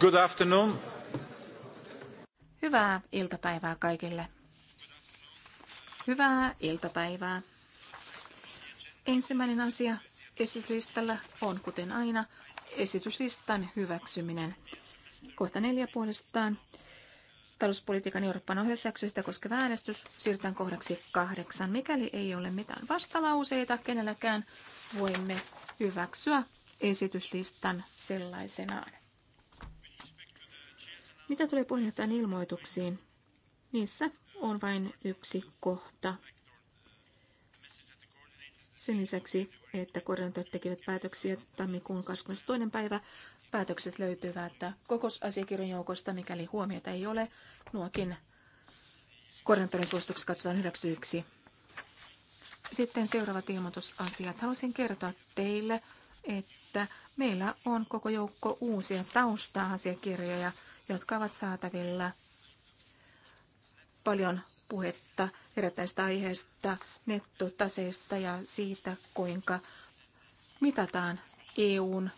Good afternoon. Hyvää iltapäivää kaikille. Hyvää iltapäivää. Ensimmäinen asia esityslistalla on, kuten aina, esityslistan hyväksyminen. Kohta neljä puolestaan talouspolitiikan Euroopan ohjausjaksoista koskeva äänestys siirrytään kohdaksi kahdeksan. Mikäli ei ole mitään vastalauseita kenelläkään, voimme hyväksyä esityslistan sellaisenaan. Mitä tulee puheenjohtajan ilmoituksiin? Niissä on vain yksi kohta. Sen lisäksi, että koordinaattorit tekivät päätöksiä tammikuun 22. päivä, päätökset löytyvät kokousasiakirjan joukosta, mikäli huomiota ei ole. Nuokin koordinaattorin suositukset katsotaan hyväksytyksi. Sitten seuraavat ilmoitusasiat. Haluaisin kertoa teille, että meillä on koko joukko uusia tausta-asiakirjoja – jotka ovat saatavilla. Paljon puhetta herättäistä aiheesta, nettotaseesta ja siitä, kuinka mitataan EUn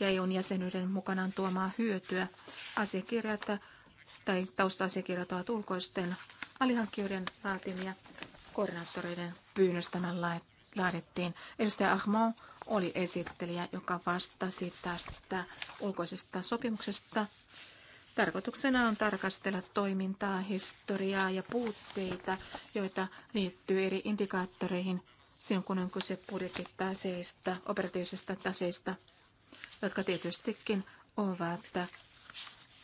ja EUn jäsenyyden mukanaan tuomaa hyötyä. Asiakirjat tai tausta-asiakirjat ovat ulkoisten alihankkijoiden laatimia koordinaattoreiden pyynnöstämän laadittiin. Edustaja Ahmon oli esittelijä, joka vastasi tästä ulkoisesta sopimuksesta Tarkoituksena on tarkastella toimintaa, historiaa ja puutteita, joita liittyy eri indikaattoreihin silloin, kun on kyse budjettitaseista, operatiivisista taseista, jotka tietystikin ovat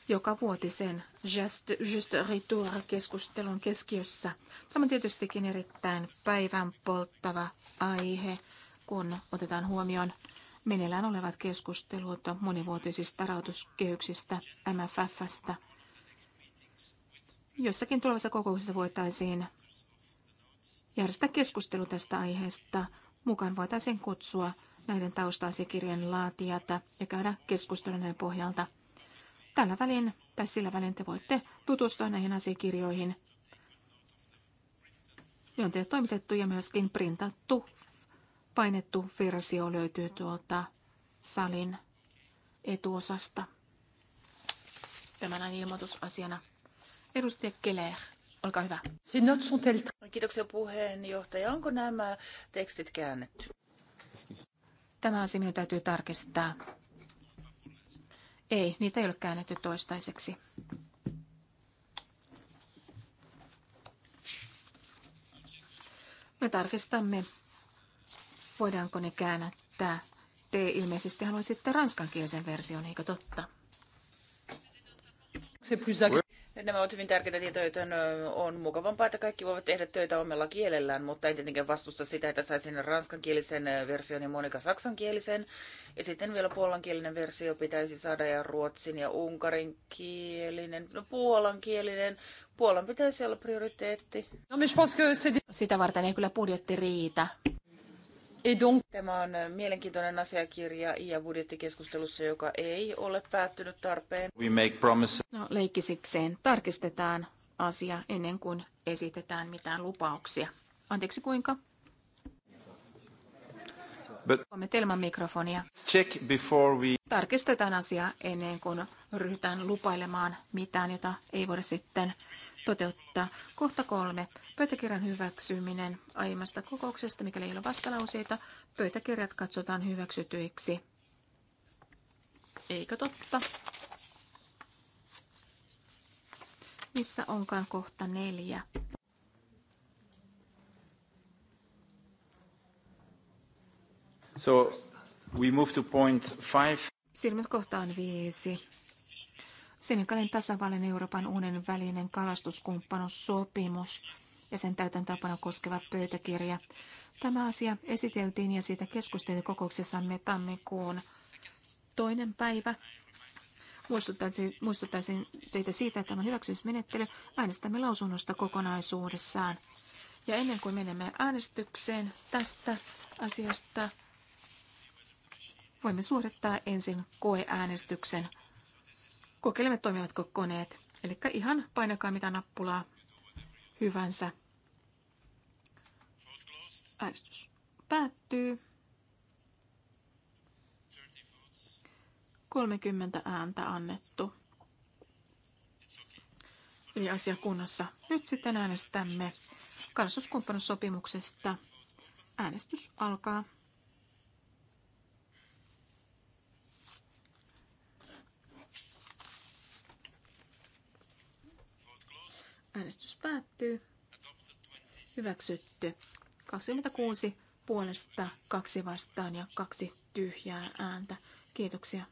joka vuotisen Just, Just Retour-keskustelun keskiössä. Tämä on tietystikin erittäin päivän polttava aihe, kun otetaan huomioon meneillään olevat keskustelut monivuotisista rahoituskehyksistä, MFFstä. Jossakin tulevassa kokouksessa voitaisiin järjestää keskustelu tästä aiheesta. Mukaan voitaisiin kutsua näiden taustaasiakirjojen laatijat ja käydä keskustelun pohjalta. Tällä välin tai sillä välin te voitte tutustua näihin asiakirjoihin. Ne on teille toimitettu ja myöskin printattu Painettu versio löytyy tuolta salin etuosasta. Tämän on ilmoitusasiana. Edustaja Keller, olkaa hyvä. Kiitoksia puheenjohtaja. Onko nämä tekstit käännetty? Tämä asia minun täytyy tarkistaa. Ei, niitä ei ole käännetty toistaiseksi. Me tarkistamme Voidaanko ne käännättää? Te ilmeisesti haluaisitte ranskankielisen version, eikö totta? Se pysäkki. Nämä ovat hyvin tärkeitä tietoja, joten on mukavampaa, että kaikki voivat tehdä töitä omalla kielellään, mutta en tietenkään vastusta sitä, että saisin ranskankielisen version ja Monika saksankielisen. Ja sitten vielä puolankielinen versio pitäisi saada ja ruotsin ja unkarin kielinen, no puolankielinen. Puolan pitäisi olla prioriteetti. No, sitä varten ei kyllä budjetti riitä. Tämä on äh, mielenkiintoinen asiakirja ja budjettikeskustelussa, joka ei ole päättynyt tarpeen. We make promises. No, leikkisikseen tarkistetaan asia ennen kuin esitetään mitään lupauksia. Anteeksi, kuinka? But... Kommentelman mikrofonia. Check before we... Tarkistetaan asia ennen kuin ryhdytään lupailemaan mitään, jota ei voida sitten toteuttaa. Kohta kolme. Pöytäkirjan hyväksyminen aiemmasta kokouksesta, mikäli ei ole vastalauseita. Pöytäkirjat katsotaan hyväksytyiksi. Eikö totta? Missä onkaan kohta neljä? So we move to point five. Silmät kohtaan viisi. Senegalin tasavallan Euroopan unionin välinen kalastuskumppanuussopimus ja sen täytäntöpano koskeva pöytäkirja. Tämä asia esiteltiin ja siitä keskusteltiin kokouksessamme tammikuun toinen päivä. Muistuttaisin, muistuttaisin teitä siitä, että tämä hyväksymismenettely äänestämme lausunnosta kokonaisuudessaan. Ja ennen kuin menemme äänestykseen tästä asiasta, voimme suorittaa ensin koeäänestyksen Kokeilemme, toimivatko koneet. Eli ihan painakaa mitä nappulaa hyvänsä. Äänestys päättyy. 30 ääntä annettu. Eli asia kunnossa. Nyt sitten äänestämme kalastuskumppanussopimuksesta. Äänestys alkaa. Äänestys päättyy. Hyväksytty. 26 puolesta, kaksi vastaan ja kaksi tyhjää ääntä. Kiitoksia.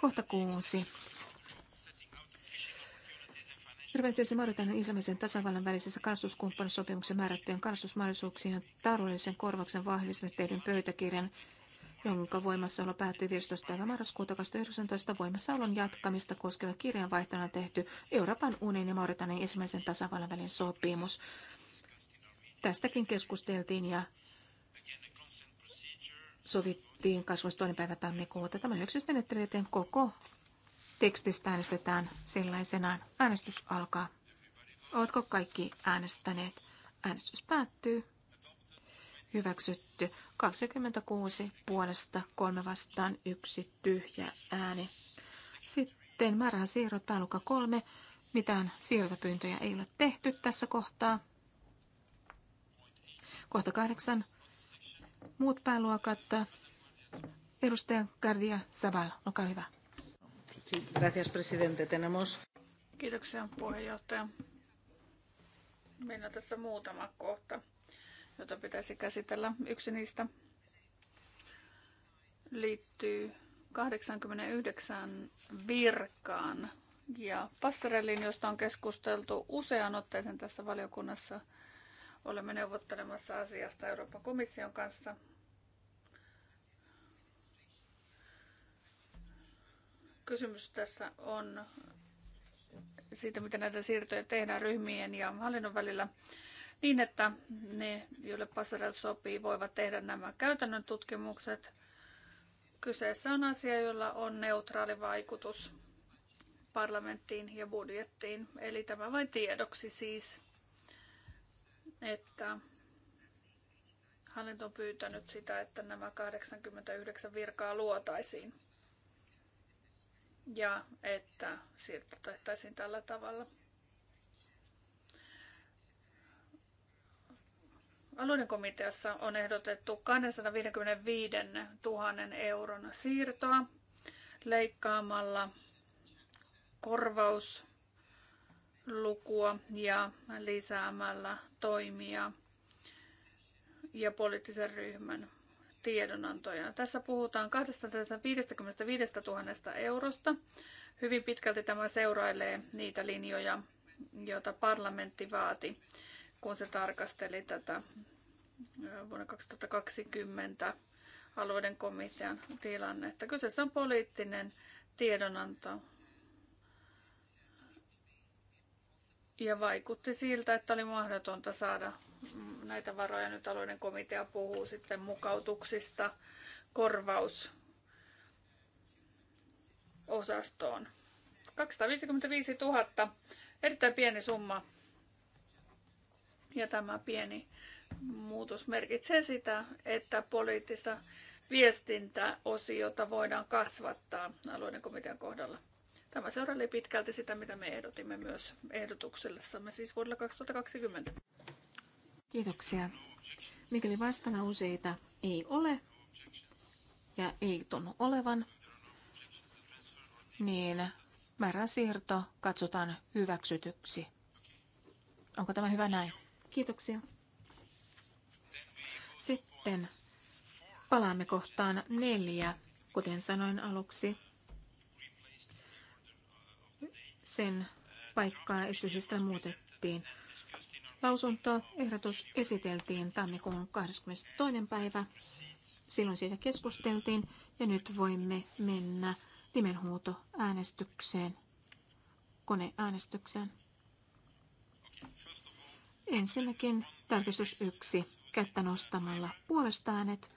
Kohta kuusi. Terveytyössä Mauritan Islamisen tasavallan välisessä kalastuskumppanussopimuksen määrättyjen kalastusmahdollisuuksien ja taloudellisen korvauksen vahvistamista tehdyn pöytäkirjan jonka voimassaolo päättyi 15. päivä marraskuuta 2019 voimassaolon jatkamista koskeva kirjanvaihtona tehty Euroopan unionin ja Mauritanin ensimmäisen tasavallan välinen sopimus. Tästäkin keskusteltiin ja sovittiin 22. päivä tammikuuta. Tämä hyväksysmenettely, joten koko tekstistä äänestetään sellaisenaan. Äänestys alkaa. Oletko kaikki äänestäneet? Äänestys päättyy hyväksytty 26 puolesta, kolme vastaan, yksi tyhjä ääni. Sitten määrähän siirrot pääluka kolme. Mitään siirtopyyntöjä ei ole tehty tässä kohtaa. Kohta kahdeksan. Muut pääluokat. Edustaja Gardia Sabal, olkaa hyvä. Gracias, presidente. Tenemos... Kiitoksia, puheenjohtaja. Mennään tässä muutama kohta jota pitäisi käsitellä. Yksi niistä liittyy 89 virkaan ja passerelliin, josta on keskusteltu useaan otteeseen tässä valiokunnassa. Olemme neuvottelemassa asiasta Euroopan komission kanssa. Kysymys tässä on siitä, miten näitä siirtoja tehdään ryhmien ja hallinnon välillä niin, että ne, joille Passerelle sopii, voivat tehdä nämä käytännön tutkimukset. Kyseessä on asia, jolla on neutraali vaikutus parlamenttiin ja budjettiin. Eli tämä vain tiedoksi siis, että hallinto on pyytänyt sitä, että nämä 89 virkaa luotaisiin ja että siirto tehtäisiin tällä tavalla. alueiden komiteassa on ehdotettu 255 000 euron siirtoa leikkaamalla korvauslukua ja lisäämällä toimia ja poliittisen ryhmän tiedonantoja. Tässä puhutaan 255 000 eurosta. Hyvin pitkälti tämä seurailee niitä linjoja, joita parlamentti vaati kun se tarkasteli tätä vuonna 2020 alueiden komitean tilannetta. Kyseessä on poliittinen tiedonanto ja vaikutti siltä, että oli mahdotonta saada näitä varoja. Nyt alueiden komitea puhuu sitten mukautuksista korvausosastoon. 255 000, erittäin pieni summa ja tämä pieni muutos merkitsee sitä, että poliittista viestintäosiota voidaan kasvattaa alueiden komitean kohdalla. Tämä seurailee pitkälti sitä, mitä me ehdotimme myös ehdotuksellessamme siis vuodella 2020. Kiitoksia. Mikäli vastana useita ei ole ja ei tunnu olevan, niin siirto katsotaan hyväksytyksi. Onko tämä hyvä näin? Kiitoksia. Sitten palaamme kohtaan neljä, kuten sanoin aluksi. Sen paikkaa esityksestä muutettiin. Lausuntoehdotus esiteltiin tammikuun 22. päivä. Silloin siitä keskusteltiin ja nyt voimme mennä äänestykseen, koneäänestykseen. Ensinnäkin tarkistus yksi kättä nostamalla puolesta äänet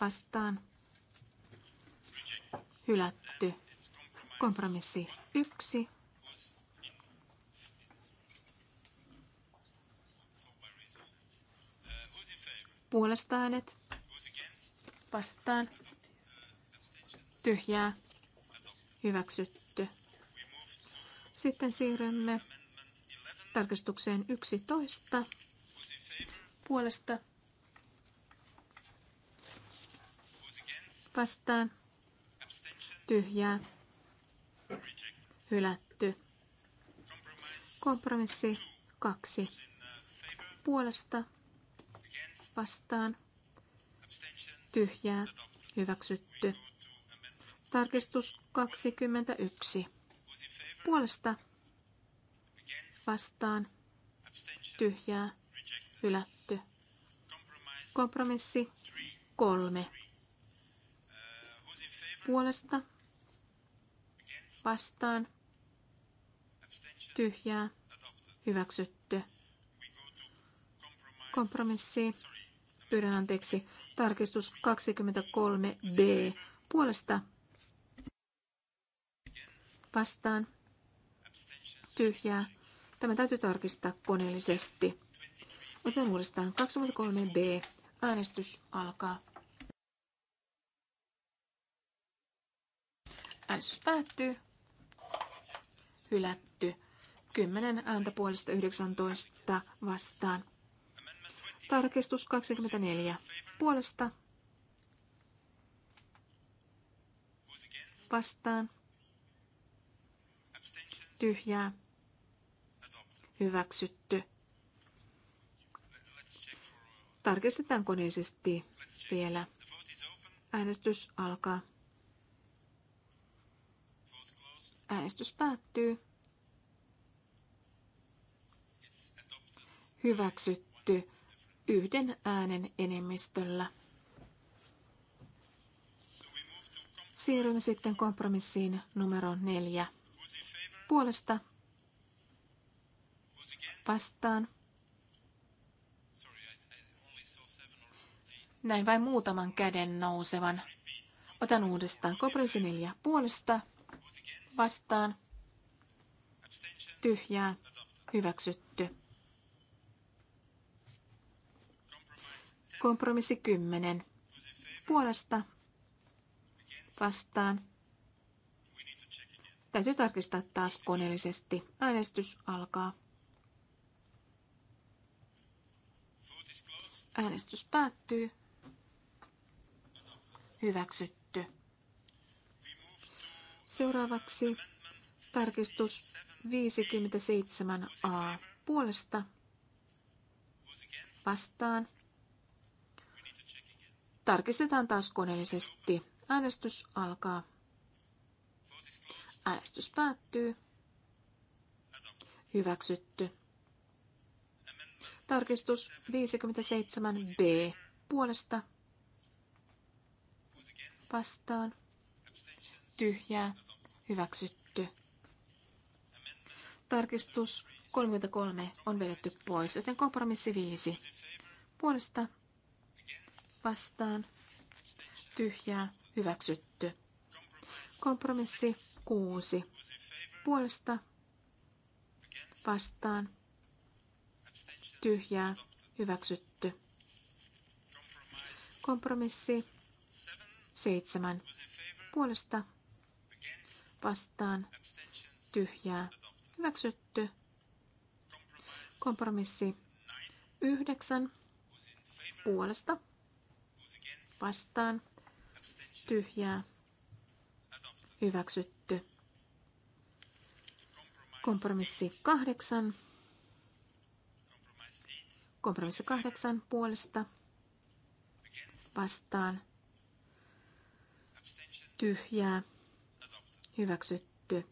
vastaan hylätty. Kompromissi yksi puolesta äänet vastaan tyhjää hyväksytty. Sitten siirrymme tarkistukseen 11 puolesta vastaan tyhjää hylätty. Kompromissi 2 puolesta vastaan tyhjää hyväksytty. Tarkistus 21 puolesta vastaan, tyhjää, hylätty. Kompromissi kolme. Puolesta, vastaan, tyhjää, hyväksytty. Kompromissi, pyydän anteeksi, tarkistus 23b puolesta vastaan tyhjää Tämä täytyy tarkistaa koneellisesti. Otetaan uudestaan 23b. Äänestys alkaa. Äänestys päättyy. Hylätty. 10 ääntä puolesta 19 vastaan. Tarkistus 24. Puolesta vastaan. Tyhjää hyväksytty. Tarkistetaan koneisesti vielä. Äänestys alkaa. Äänestys päättyy. Hyväksytty yhden äänen enemmistöllä. Siirrymme sitten kompromissiin numero neljä. Puolesta vastaan. Näin vain muutaman käden nousevan. Otan uudestaan kompromissi neljä puolesta vastaan. Tyhjää. Hyväksytty. Kompromissi 10. Puolesta vastaan. Täytyy tarkistaa taas koneellisesti. Äänestys alkaa. Äänestys päättyy. Hyväksytty. Seuraavaksi tarkistus 57a puolesta vastaan. Tarkistetaan taas koneellisesti. Äänestys alkaa. Äänestys päättyy. Hyväksytty. Tarkistus 57b puolesta vastaan tyhjää hyväksytty. Tarkistus 33 on vedetty pois, joten kompromissi 5 puolesta vastaan tyhjää hyväksytty. Kompromissi 6 puolesta vastaan tyhjää, hyväksytty. Kompromissi seitsemän puolesta vastaan tyhjää, hyväksytty. Kompromissi yhdeksän puolesta vastaan tyhjää, hyväksytty. Kompromissi kahdeksan Kompromissi kahdeksan puolesta vastaan tyhjää hyväksytty.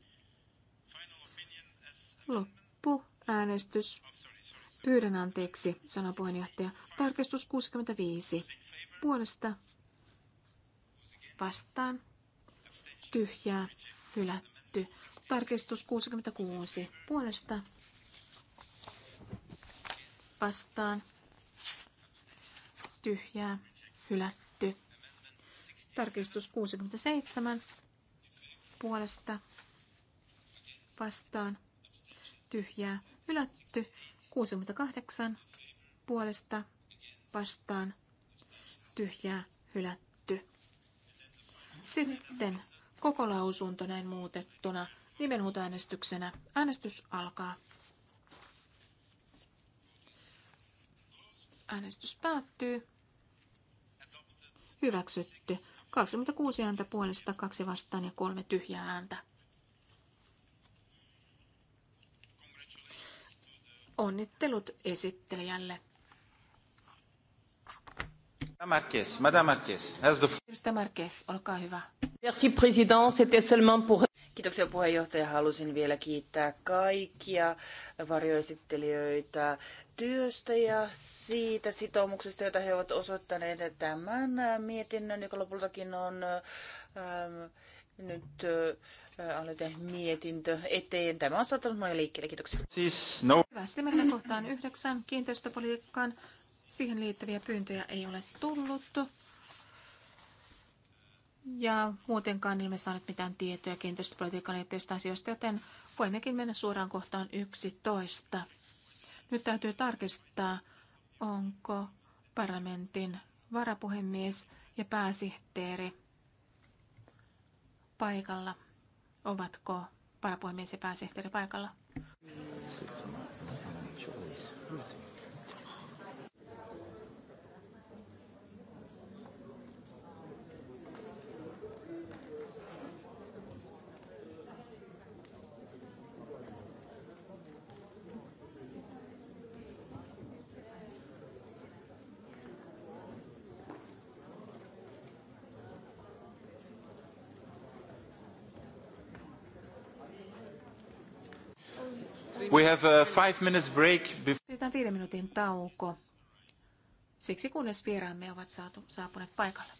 Loppu äänestys. Pyydän anteeksi, sanoi puheenjohtaja. Tarkistus 65. Puolesta vastaan tyhjää hylätty. Tarkistus 66. Puolesta vastaan tyhjää hylätty. Tarkistus 67 puolesta vastaan tyhjää hylätty. 68 puolesta vastaan tyhjää hylätty. Sitten koko lausunto näin muutettuna nimenhuutoäänestyksenä. Äänestys alkaa. Äänestys päättyy. Hyväksytty. 26 ääntä puolesta, kaksi vastaan ja kolme tyhjää ääntä. Onnittelut esittelijälle. Marques, Madame Marques, has the... Marques, olkaa hyvä. Merci, président. C'était seulement pour... Kiitoksia puheenjohtaja. Halusin vielä kiittää kaikkia varjoesittelijöitä työstä ja siitä sitoumuksesta, jota he ovat osoittaneet tämän mietinnön, joka lopultakin on ähm, nyt äh, aloite mietintö eteen. Tämä on saattanut monia liikkeelle. Kiitoksia. Siis no. Hyvä. Sitten mennään kohtaan yhdeksän kiinteistöpolitiikkaan. Siihen liittyviä pyyntöjä ei ole tullut. Ja muutenkaan emme saaneet mitään tietoja kiinteistöpolitiikan liittyvistä asioista, joten voimmekin mennä suoraan kohtaan 11. Nyt täytyy tarkistaa, onko parlamentin varapuhemies ja pääsihteeri paikalla. Ovatko varapuhemies ja pääsihteeri paikalla? Seitsemän. We have a five minutes break. Pidetään viiden minuutin tauko, siksi kunnes vieraamme ovat saatu, saapuneet paikalle.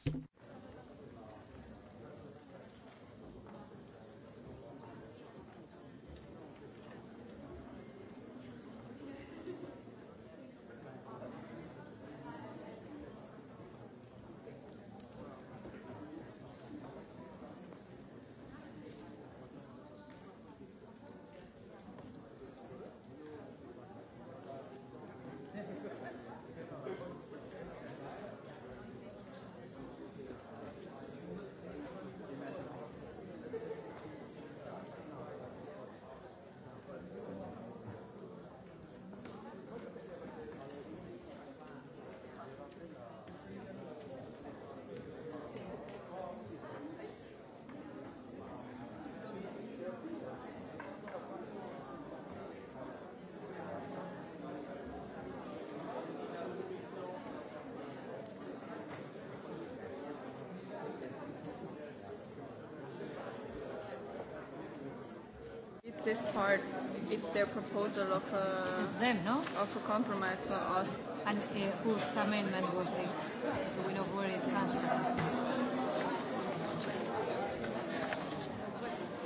proposal of a, uh, them, no? of a compromise for us. And uh, whose amendment was this? Do we know where it comes from?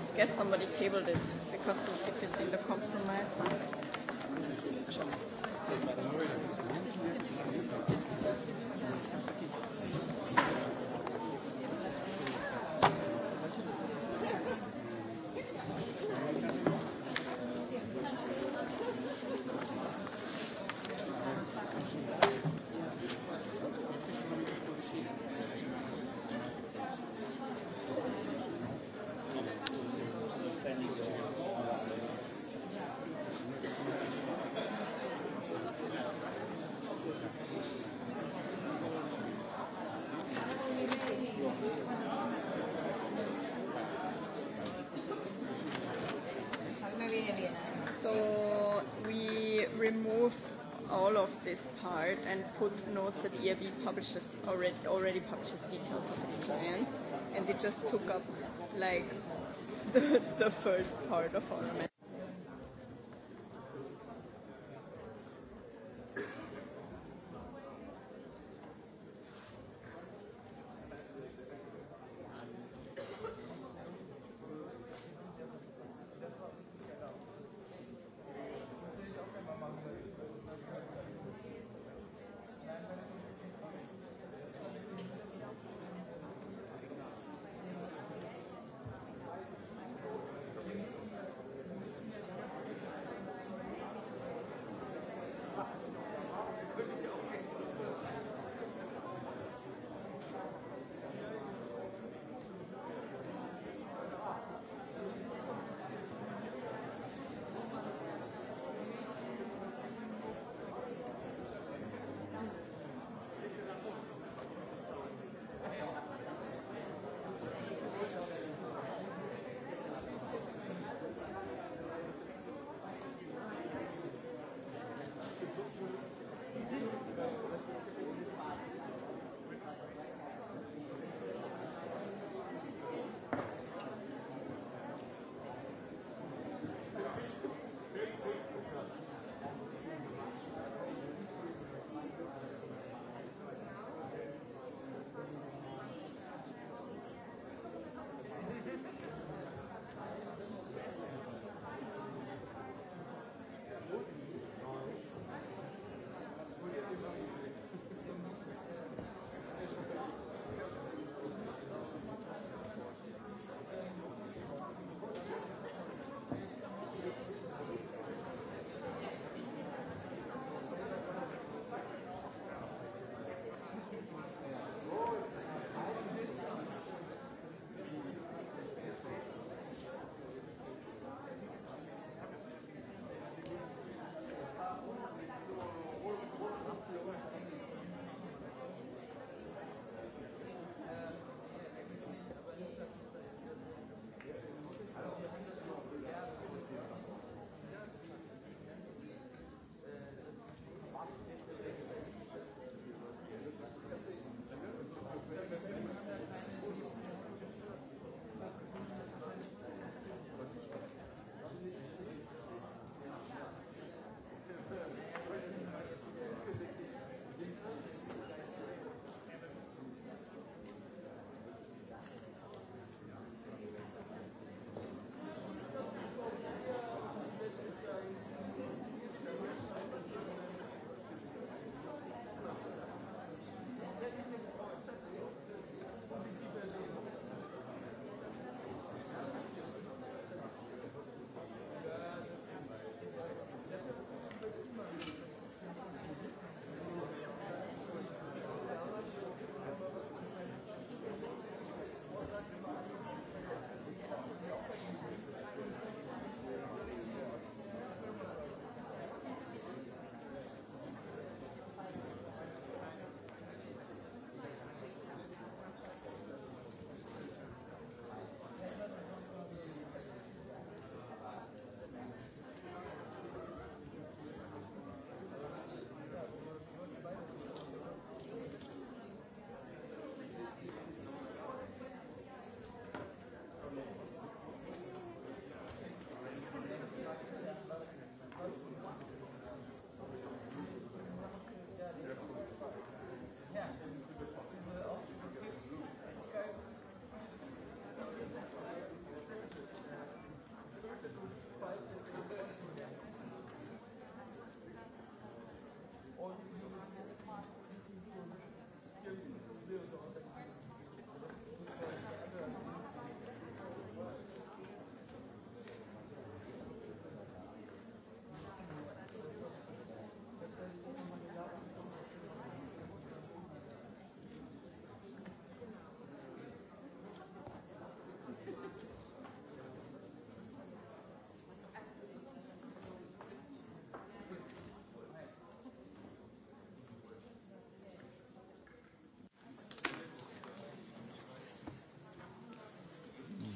I guess somebody tabled it because if it's in the compromise, notes that EIB publishes already already publishes details of its clients, and they just took up like the the first part of our.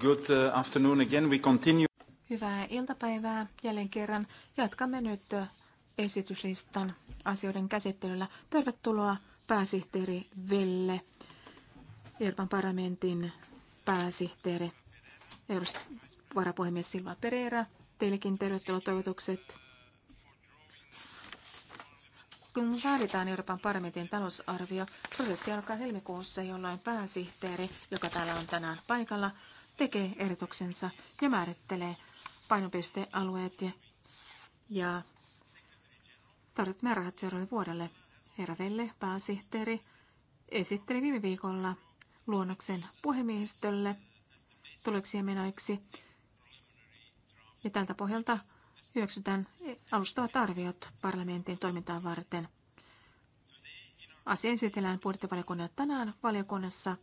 Good uh, afternoon again. We continue. Hyvää iltapäivää jälleen kerran. Jatkamme nyt uh, esityslistan asioiden käsittelyllä. Tervetuloa pääsihteeri Velle, Euroopan parlamentin pääsihteeri, varapuhemies Silva Pereira. Teillekin tervetuloa toivotukset. Kun vaaditaan Euroopan parlamentin talousarvio, prosessi alkaa helmikuussa, jolloin pääsihteeri, joka täällä on tänään paikalla, tekee ehdotuksensa ja määrittelee painopistealueet ja, ja tarjot määrärahat seuraavalle vuodelle. Herra Velle, pääsihteeri, esitteli viime viikolla luonnoksen puhemiehistölle tuleksi ja menoiksi. Ja tältä pohjalta hyväksytään alustavat arviot parlamentin toimintaa varten. Asia esitellään budjettivaliokunnalle tänään valiokunnassa.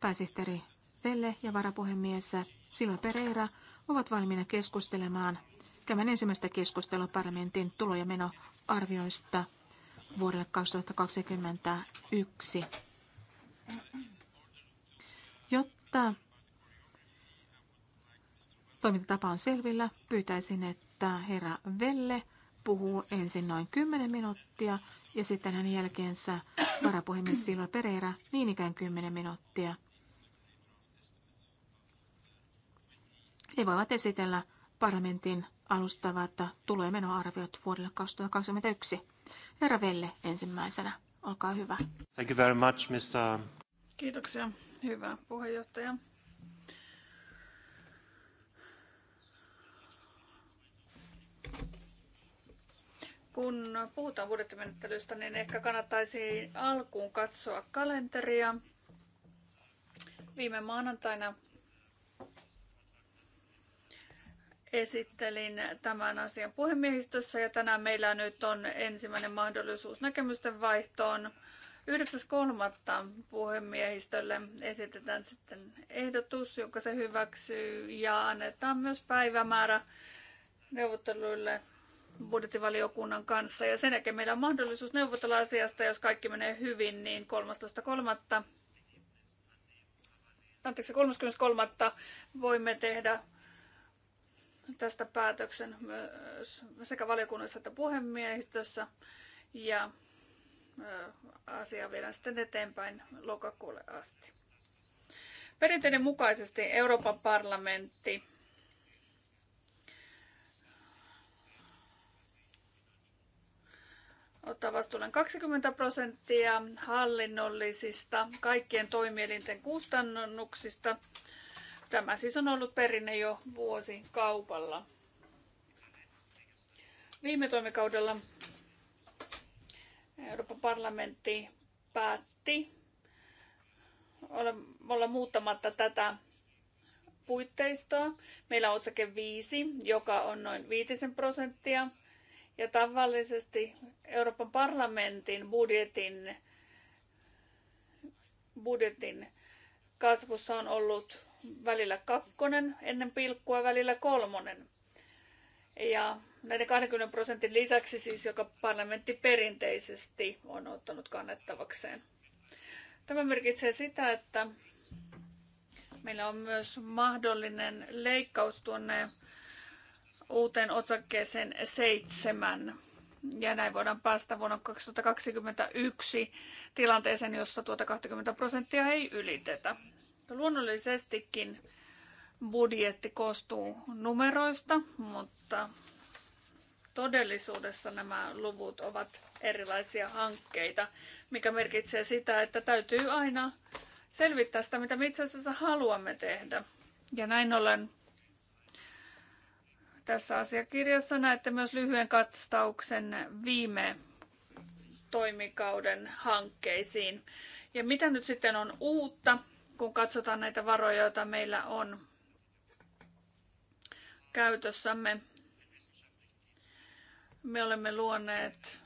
Pääsihteeri Pelle ja varapuhemies Silva Pereira ovat valmiina keskustelemaan tämän ensimmäistä keskustelua parlamentin tulo- ja menoarvioista vuodelle 2021. Jotta toimintatapa on selvillä, pyytäisin, että herra Velle puhuu ensin noin 10 minuuttia ja sitten hänen jälkeensä varapuhemies Silva Pereira niin ikään 10 minuuttia. He voivat esitellä parlamentin alustavat tulo- ja menoarviot vuodelle 2021. Herra Velle ensimmäisenä, olkaa hyvä. Thank you very much, Mr. Kiitoksia, hyvä puheenjohtaja. Kun puhutaan budjettimenettelystä, niin ehkä kannattaisi alkuun katsoa kalenteria. Viime maanantaina esittelin tämän asian puhemiehistössä ja tänään meillä nyt on ensimmäinen mahdollisuus näkemysten vaihtoon. 9.3. puhemiehistölle esitetään sitten ehdotus, joka se hyväksyy ja annetaan myös päivämäärä neuvotteluille budjettivaliokunnan kanssa. Ja sen jälkeen meillä on mahdollisuus neuvotella asiasta, jos kaikki menee hyvin, niin 13.3. Anteeksi, 33. voimme tehdä tästä päätöksen myös sekä valiokunnassa että puhemiehistössä. Ja asia viedään sitten eteenpäin lokakuulle asti. Perinteiden mukaisesti Euroopan parlamentti ottaa vastuullinen 20 prosenttia hallinnollisista kaikkien toimielinten kustannuksista – Tämä siis on ollut perinne jo vuosi kaupalla. Viime toimikaudella Euroopan parlamentti päätti olla muuttamatta tätä puitteistoa. Meillä on otsake 5, joka on noin 5 prosenttia. Ja tavallisesti Euroopan parlamentin budjetin, budjetin kasvussa on ollut välillä kakkonen ennen pilkkua, välillä kolmonen. Ja näiden 20 prosentin lisäksi siis, joka parlamentti perinteisesti on ottanut kannettavakseen. Tämä merkitsee sitä, että meillä on myös mahdollinen leikkaus tuonne uuteen otsakkeeseen seitsemän. Ja näin voidaan päästä vuonna 2021 tilanteeseen, jossa tuota 20 prosenttia ei ylitetä. Luonnollisestikin budjetti koostuu numeroista, mutta todellisuudessa nämä luvut ovat erilaisia hankkeita, mikä merkitsee sitä, että täytyy aina selvittää sitä, mitä me itse asiassa haluamme tehdä. Ja näin ollen tässä asiakirjassa näette myös lyhyen katsauksen viime toimikauden hankkeisiin. Ja mitä nyt sitten on uutta kun katsotaan näitä varoja, joita meillä on käytössämme. Me olemme luoneet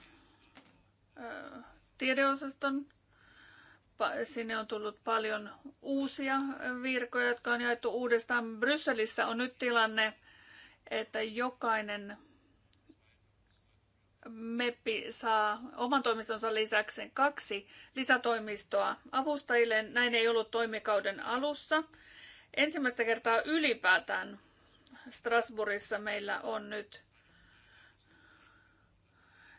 tiedeosaston. Sinne on tullut paljon uusia virkoja, jotka on jaettu uudestaan. Brysselissä on nyt tilanne, että jokainen MEPPI saa oman toimistonsa lisäksi kaksi lisätoimistoa avustajille. Näin ei ollut toimikauden alussa. Ensimmäistä kertaa ylipäätään Strasbourgissa meillä on nyt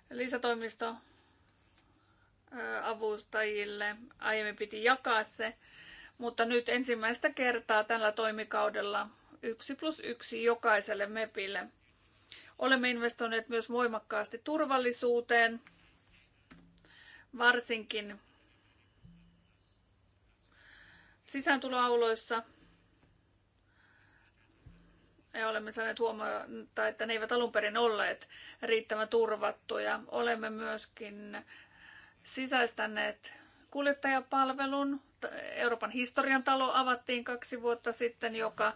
lisätoimisto avustajille. Aiemmin piti jakaa se, mutta nyt ensimmäistä kertaa tällä toimikaudella yksi plus yksi jokaiselle MEPille – Olemme investoineet myös voimakkaasti turvallisuuteen, varsinkin sisääntuloauloissa. Ja olemme saaneet huomata, että ne eivät alun perin olleet riittävän turvattuja. Olemme myöskin sisäistäneet kuljettajapalvelun. Euroopan historian talo avattiin kaksi vuotta sitten, joka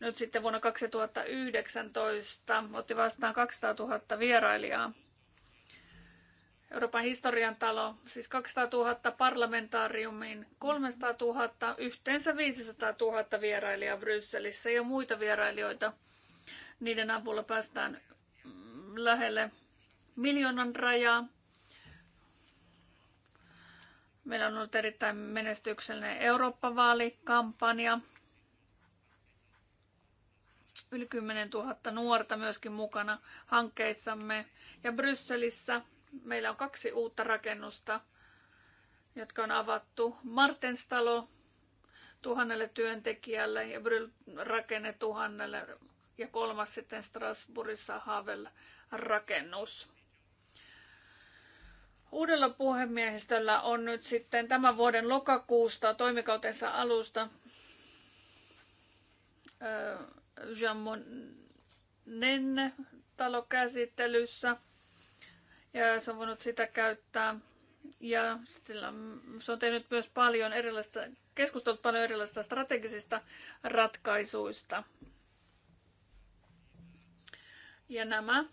nyt sitten vuonna 2019 otti vastaan 200 000 vierailijaa. Euroopan historian talo, siis 200 000 parlamentaariumiin, 300 000, yhteensä 500 000 vierailijaa Brysselissä ja muita vierailijoita. Niiden avulla päästään lähelle miljoonan rajaa. Meillä on ollut erittäin menestyksellinen Eurooppa-vaalikampanja yli 10 000 nuorta myöskin mukana hankkeissamme. Ja Brysselissä meillä on kaksi uutta rakennusta, jotka on avattu. Martenstalo tuhannelle työntekijälle ja Bryl-rakenne tuhannelle ja kolmas sitten Strasbourgissa Havel-rakennus. Uudella puhemiehistöllä on nyt sitten tämän vuoden lokakuusta toimikautensa alusta Jean Monnen talo käsittelyssä. Ja se on voinut sitä käyttää. Ja sillä se on tehnyt myös paljon erilaista, keskustelut paljon erilaisista strategisista ratkaisuista. Ja nämä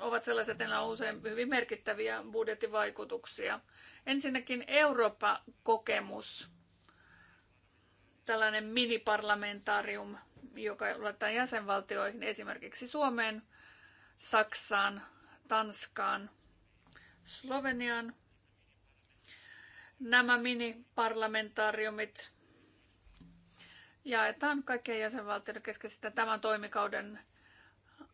ovat sellaiset, että on usein hyvin merkittäviä budjettivaikutuksia. Ensinnäkin Eurooppa-kokemus tällainen miniparlamentaarium, joka luetaan jäsenvaltioihin, esimerkiksi Suomeen, Saksaan, Tanskaan, Sloveniaan. Nämä miniparlamentaariumit jaetaan kaikkien jäsenvaltioiden kesken sitten tämän toimikauden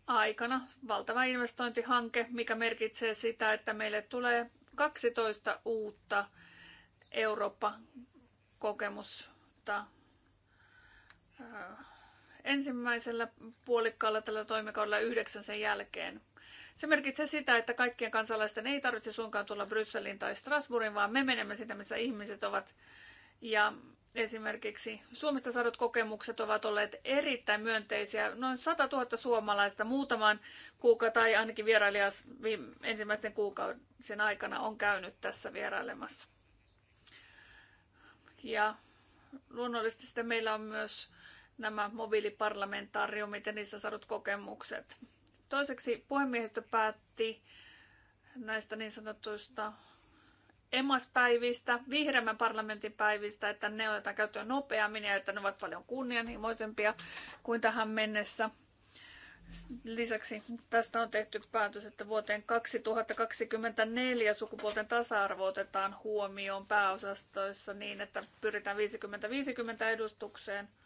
aikana. Valtava investointihanke, mikä merkitsee sitä, että meille tulee 12 uutta Eurooppa-kokemusta Äh, ensimmäisellä puolikkaalla tällä toimikaudella yhdeksän sen jälkeen. Se merkitsee sitä, että kaikkien kansalaisten ei tarvitse suinkaan tulla Brysseliin tai Strasbourgin, vaan me menemme sinne, missä ihmiset ovat. Ja esimerkiksi Suomesta saadut kokemukset ovat olleet erittäin myönteisiä. Noin 100 000 suomalaista muutaman kuukauden tai ainakin vierailija ensimmäisten kuukausien aikana on käynyt tässä vierailemassa. Ja luonnollisesti sitten meillä on myös nämä mobiiliparlamentaariumit ja niistä saadut kokemukset. Toiseksi puhemiehistö päätti näistä niin sanotuista emaspäivistä, vihreämmän parlamentin päivistä, että ne otetaan käyttöön nopeammin ja että ne ovat paljon kunnianhimoisempia kuin tähän mennessä. Lisäksi tästä on tehty päätös, että vuoteen 2024 sukupuolten tasa-arvo otetaan huomioon pääosastoissa niin, että pyritään 50-50 edustukseen –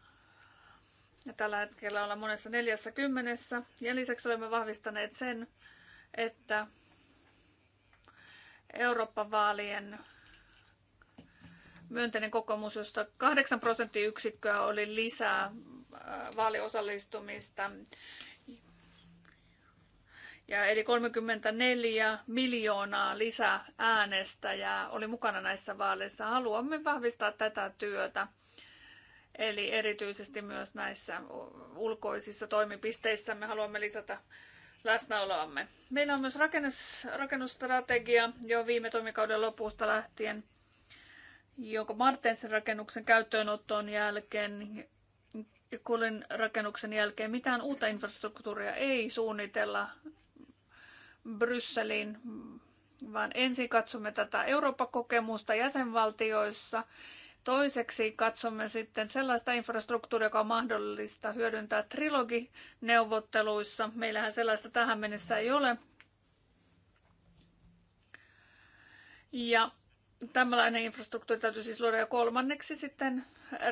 ja tällä hetkellä ollaan monessa neljässä kymmenessä. Ja lisäksi olemme vahvistaneet sen, että Euroopan vaalien myönteinen kokoomus, josta 8 prosenttiyksikköä oli lisää äh, vaaliosallistumista. Ja eli 34 miljoonaa lisää äänestäjää oli mukana näissä vaaleissa. Haluamme vahvistaa tätä työtä Eli erityisesti myös näissä ulkoisissa toimipisteissä me haluamme lisätä läsnäoloamme. Meillä on myös rakennus, rakennusstrategia jo viime toimikauden lopusta lähtien, jonka Martensin rakennuksen käyttöönoton jälkeen Kulin rakennuksen jälkeen mitään uutta infrastruktuuria ei suunnitella Brysseliin, vaan ensin katsomme tätä Eurooppa-kokemusta jäsenvaltioissa – Toiseksi katsomme sitten sellaista infrastruktuuria, joka on mahdollista hyödyntää trilogineuvotteluissa. Meillähän sellaista tähän mennessä ei ole. Ja tällainen infrastruktuuri täytyy siis luoda. Ja kolmanneksi sitten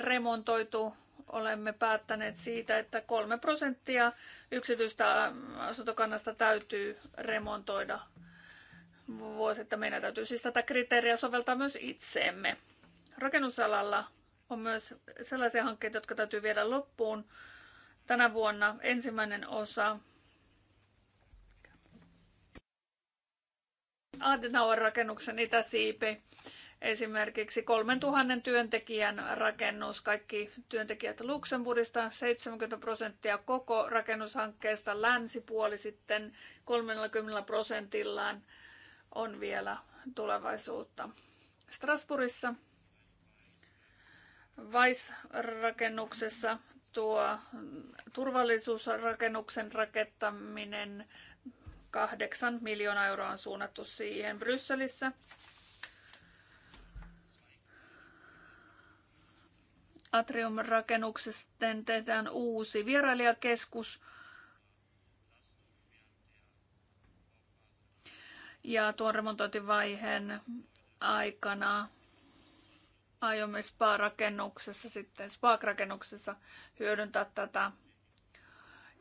remontoitu. Olemme päättäneet siitä, että kolme prosenttia yksityistä asuntokannasta täytyy remontoida vuosittain. Meidän täytyy siis tätä kriteeriä soveltaa myös itseemme. Rakennusalalla on myös sellaisia hankkeita, jotka täytyy viedä loppuun tänä vuonna. Ensimmäinen osa Adenauer-rakennuksen itäsiipi, esimerkiksi 3000 työntekijän rakennus, kaikki työntekijät Luxemburgista, 70 prosenttia koko rakennushankkeesta, länsipuoli sitten 30 prosentillaan on vielä tulevaisuutta. Strasbourgissa Vice-rakennuksessa tuo turvallisuusrakennuksen rakettaminen 8 miljoonaa euroa on suunnattu siihen Brysselissä. Atrium-rakennuksesta tehdään uusi vierailijakeskus. Ja tuon remontointivaiheen aikana aiomme spa-rakennuksessa, sitten spa-rakennuksessa hyödyntää tätä.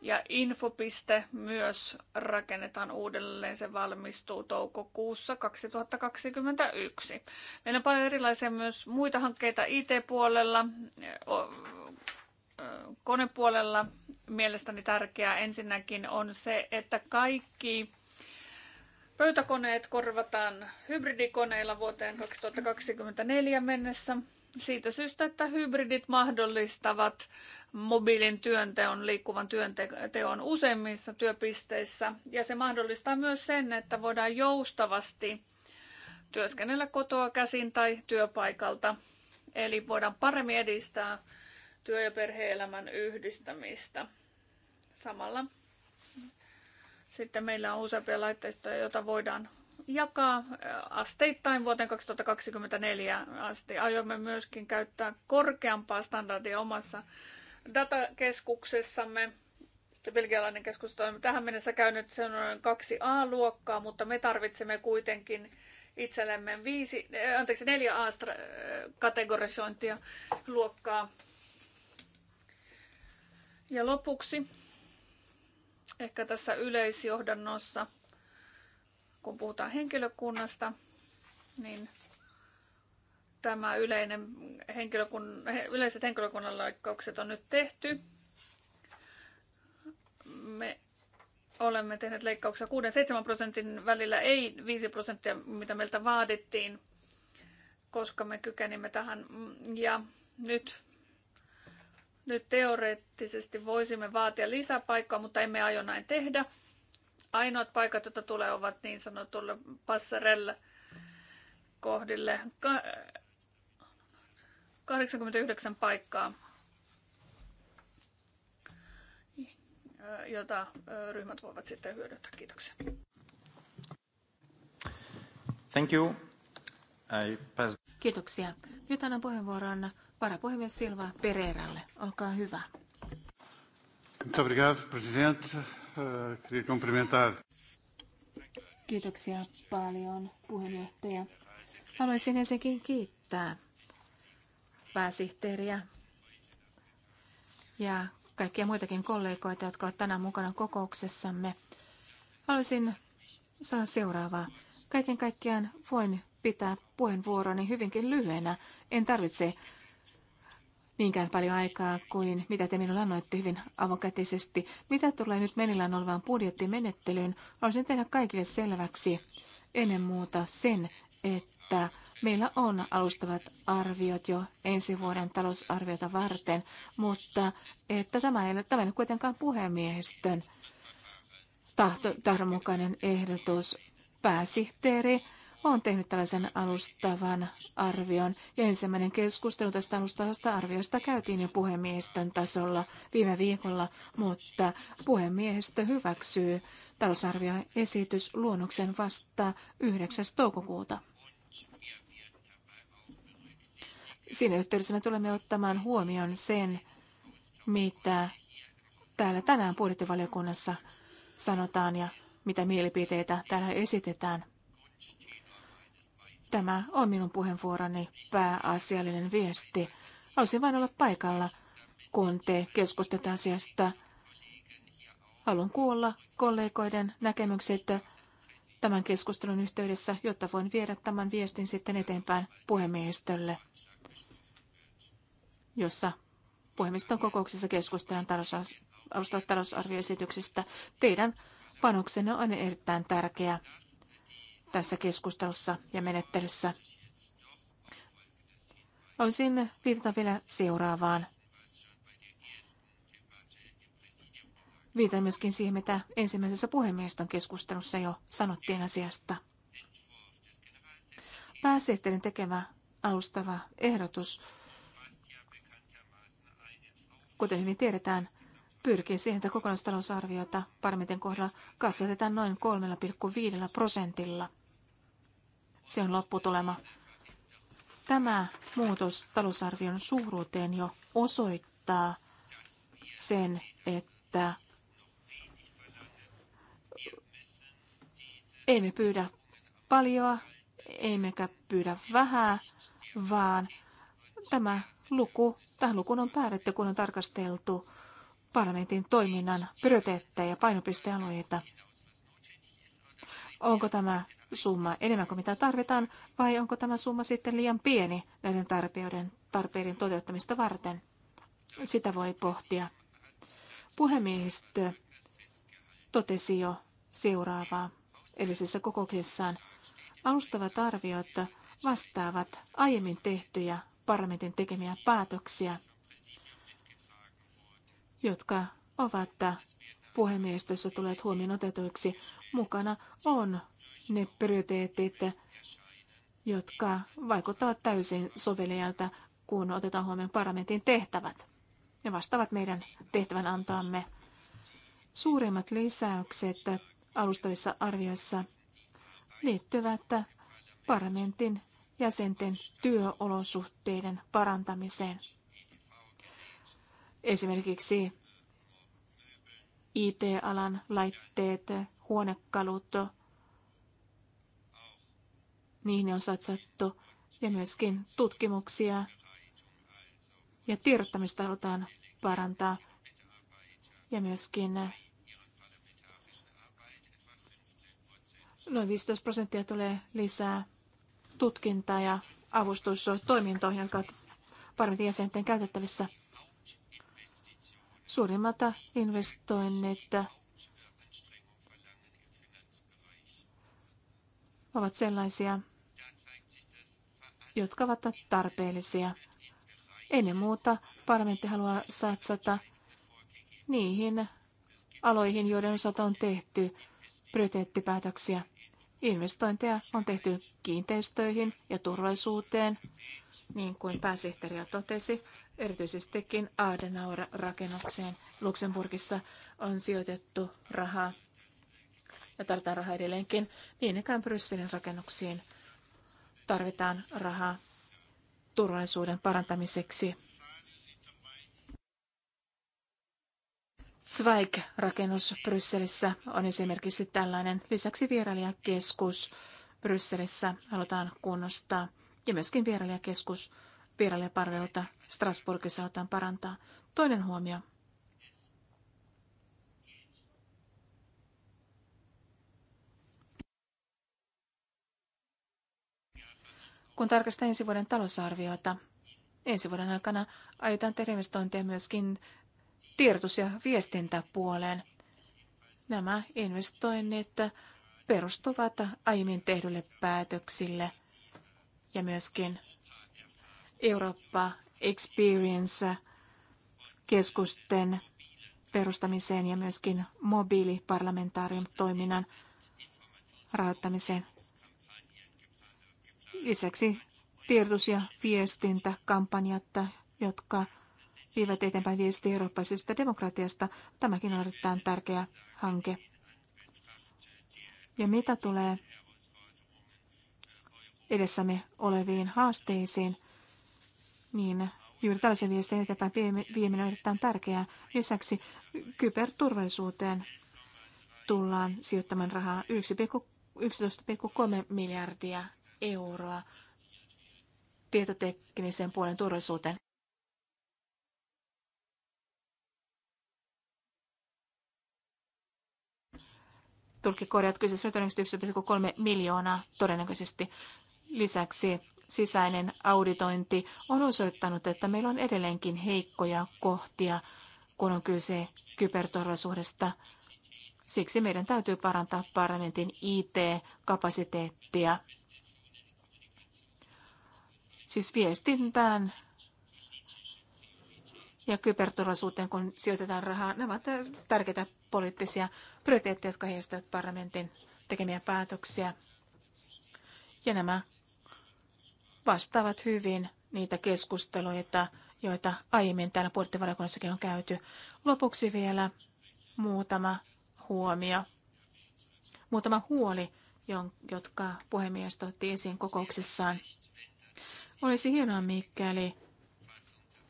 Ja infopiste myös rakennetaan uudelleen, se valmistuu toukokuussa 2021. Meillä on paljon erilaisia myös muita hankkeita IT-puolella, konepuolella. Mielestäni tärkeää ensinnäkin on se, että kaikki Pöytäkoneet korvataan hybridikoneilla vuoteen 2024 mennessä siitä syystä, että hybridit mahdollistavat mobiilin työnteon, liikkuvan työnteon useimmissa työpisteissä. Ja se mahdollistaa myös sen, että voidaan joustavasti työskennellä kotoa käsin tai työpaikalta. Eli voidaan paremmin edistää työ- ja perhe-elämän yhdistämistä. Samalla sitten meillä on useampia laitteistoja, joita voidaan jakaa asteittain vuoteen 2024 asti. Aiomme myöskin käyttää korkeampaa standardia omassa datakeskuksessamme. Se belgialainen keskustelu on tähän mennessä käynyt se on noin 2A-luokkaa, mutta me tarvitsemme kuitenkin itsellemme viisi, anteeksi, neljä a kategorisointia luokkaa. Ja lopuksi ehkä tässä yleisjohdannossa, kun puhutaan henkilökunnasta, niin tämä yleinen henkilökun, yleiset henkilökunnan laikkaukset on nyt tehty. Me olemme tehneet leikkauksia 6-7 prosentin välillä, ei 5 prosenttia, mitä meiltä vaadittiin, koska me kykenimme tähän. Ja nyt nyt teoreettisesti voisimme vaatia lisäpaikkaa, mutta emme aio näin tehdä. Ainoat paikat, joita tulee, ovat niin sanotulle passerelle kohdille 89 paikkaa, jota ryhmät voivat sitten hyödyntää. Kiitoksia. Thank you. I pass... Kiitoksia. Nyt annan puheenvuoron varapuhemies Silva Pereiralle. Olkaa hyvä. Eh, Kiitoksia paljon, puheenjohtaja. Haluaisin ensinnäkin kiittää pääsihteeriä ja kaikkia muitakin kollegoita, jotka ovat tänään mukana kokouksessamme. Haluaisin sanoa seuraavaa. Kaiken kaikkiaan voin pitää puheenvuoroni hyvinkin lyhyenä. En tarvitse niinkään paljon aikaa kuin mitä te minulle annoitte hyvin avokätisesti. Mitä tulee nyt menillään olevaan budjettimenettelyyn, haluaisin tehdä kaikille selväksi ennen muuta sen, että meillä on alustavat arviot jo ensi vuoden talousarviota varten, mutta että tämä ei, tämä ei ole kuitenkaan puhemiehistön tahto, tahdonmukainen ehdotus. Pääsihteeri olen tehnyt tällaisen alustavan arvion. Ja ensimmäinen keskustelu tästä alustavasta arviosta käytiin jo puhemiehistön tasolla viime viikolla, mutta puhemiehistö hyväksyy talousarvioesitys luonnoksen vasta 9. toukokuuta. Siinä yhteydessä me tulemme ottamaan huomioon sen, mitä täällä tänään budjettivaliokunnassa sanotaan ja mitä mielipiteitä täällä esitetään. Tämä on minun puheenvuoroni pääasiallinen viesti. Haluaisin vain olla paikalla, kun te keskustelette asiasta. Haluan kuulla kollegoiden näkemykset tämän keskustelun yhteydessä, jotta voin viedä tämän viestin sitten eteenpäin puhemiehistölle, jossa puhemiston kokouksessa keskustellaan talousarvioesityksestä. Teidän panoksenne on erittäin tärkeä tässä keskustelussa ja menettelyssä. Olisin viitata vielä seuraavaan. Viitan myöskin siihen, mitä ensimmäisessä puhemieston keskustelussa jo sanottiin asiasta. Pääsihteerin tekemä alustava ehdotus, kuten hyvin tiedetään, pyrkii siihen, että kokonaistalousarviota parmiten kohdalla kasvatetaan noin 3,5 prosentilla – se on lopputulema. Tämä muutos talousarvion suuruuteen jo osoittaa sen, että emme pyydä paljoa, emmekä pyydä vähää, vaan tämä luku, tähän lukuun on päädytty, kun on tarkasteltu parlamentin toiminnan prioriteetteja ja painopistealueita. Onko tämä summa enemmän kuin mitä tarvitaan, vai onko tämä summa sitten liian pieni näiden tarpeiden, tarpeiden toteuttamista varten? Sitä voi pohtia. Puhemiehistö totesi jo seuraavaa edellisessä kokouksessaan. Alustavat arviot vastaavat aiemmin tehtyjä parlamentin tekemiä päätöksiä, jotka ovat puhemiehistössä tulleet huomioon otetuiksi. Mukana on ne prioriteetit, jotka vaikuttavat täysin sovelijalta, kun otetaan huomioon parlamentin tehtävät. Ne vastaavat meidän tehtävän tehtävänantoamme. Suurimmat lisäykset alustavissa arvioissa liittyvät parlamentin jäsenten työolosuhteiden parantamiseen. Esimerkiksi IT-alan laitteet, huonekalut, niihin on satsattu, ja myöskin tutkimuksia ja tiedottamista halutaan parantaa, ja myöskin eh, noin 15 prosenttia tulee lisää tutkintaa ja avustustoimintoihin, jotka ovat parlamentin jäsenten käytettävissä. Suurimmat investoinnit ovat sellaisia, jotka ovat tarpeellisia. Ennen muuta parlamentti haluaa satsata niihin aloihin, joiden osalta on tehty prioriteettipäätöksiä. Investointeja on tehty kiinteistöihin ja turvallisuuteen, niin kuin pääsihteeri jo totesi, erityisestikin Adenauer-rakennukseen Luxemburgissa on sijoitettu rahaa ja tarvitaan rahaa edelleenkin niin ikään Brysselin rakennuksiin tarvitaan rahaa turvallisuuden parantamiseksi. Zweig-rakennus Brysselissä on esimerkiksi tällainen. Lisäksi vierailijakeskus Brysselissä halutaan kunnostaa ja myöskin vierailijakeskus vierailijapalveluita Strasbourgissa halutaan parantaa. Toinen huomio – Kun tarkastetaan ensi vuoden talousarviota, ensi vuoden aikana aiotaan tehdä investointeja myöskin tiedotus- ja viestintäpuoleen. Nämä investoinnit perustuvat aiemmin tehdylle päätöksille ja myöskin Eurooppa Experience keskusten perustamiseen ja myöskin mobiiliparlamentaarium toiminnan rahoittamiseen. Lisäksi tiedotus- ja viestintäkampanjat, jotka viivät eteenpäin viestiä eurooppaisesta demokratiasta. Tämäkin on erittäin tärkeä hanke. Ja mitä tulee edessämme oleviin haasteisiin, niin juuri tällaisen viestin eteenpäin vieminen on erittäin tärkeää. Lisäksi kyberturvallisuuteen tullaan sijoittamaan rahaa 1,11,3 miljardia euroa tietoteknisen puolen turvallisuuteen. Tulkki korjaa, kyseessä on 1,3 miljoonaa todennäköisesti. Lisäksi sisäinen auditointi on osoittanut, että meillä on edelleenkin heikkoja kohtia, kun on kyse kyberturvallisuudesta. Siksi meidän täytyy parantaa parlamentin IT-kapasiteettia Siis viestintään ja kyberturvallisuuteen, kun sijoitetaan rahaa, nämä ovat tärkeitä poliittisia prioriteetteja, jotka heijastavat parlamentin tekemiä päätöksiä. Ja nämä vastaavat hyvin niitä keskusteluita, joita aiemmin täällä budjettivaliokunnassakin on käyty. Lopuksi vielä muutama huomio, muutama huoli, jotka puhemies otti esiin kokouksessaan. Olisi hienoa, mikäli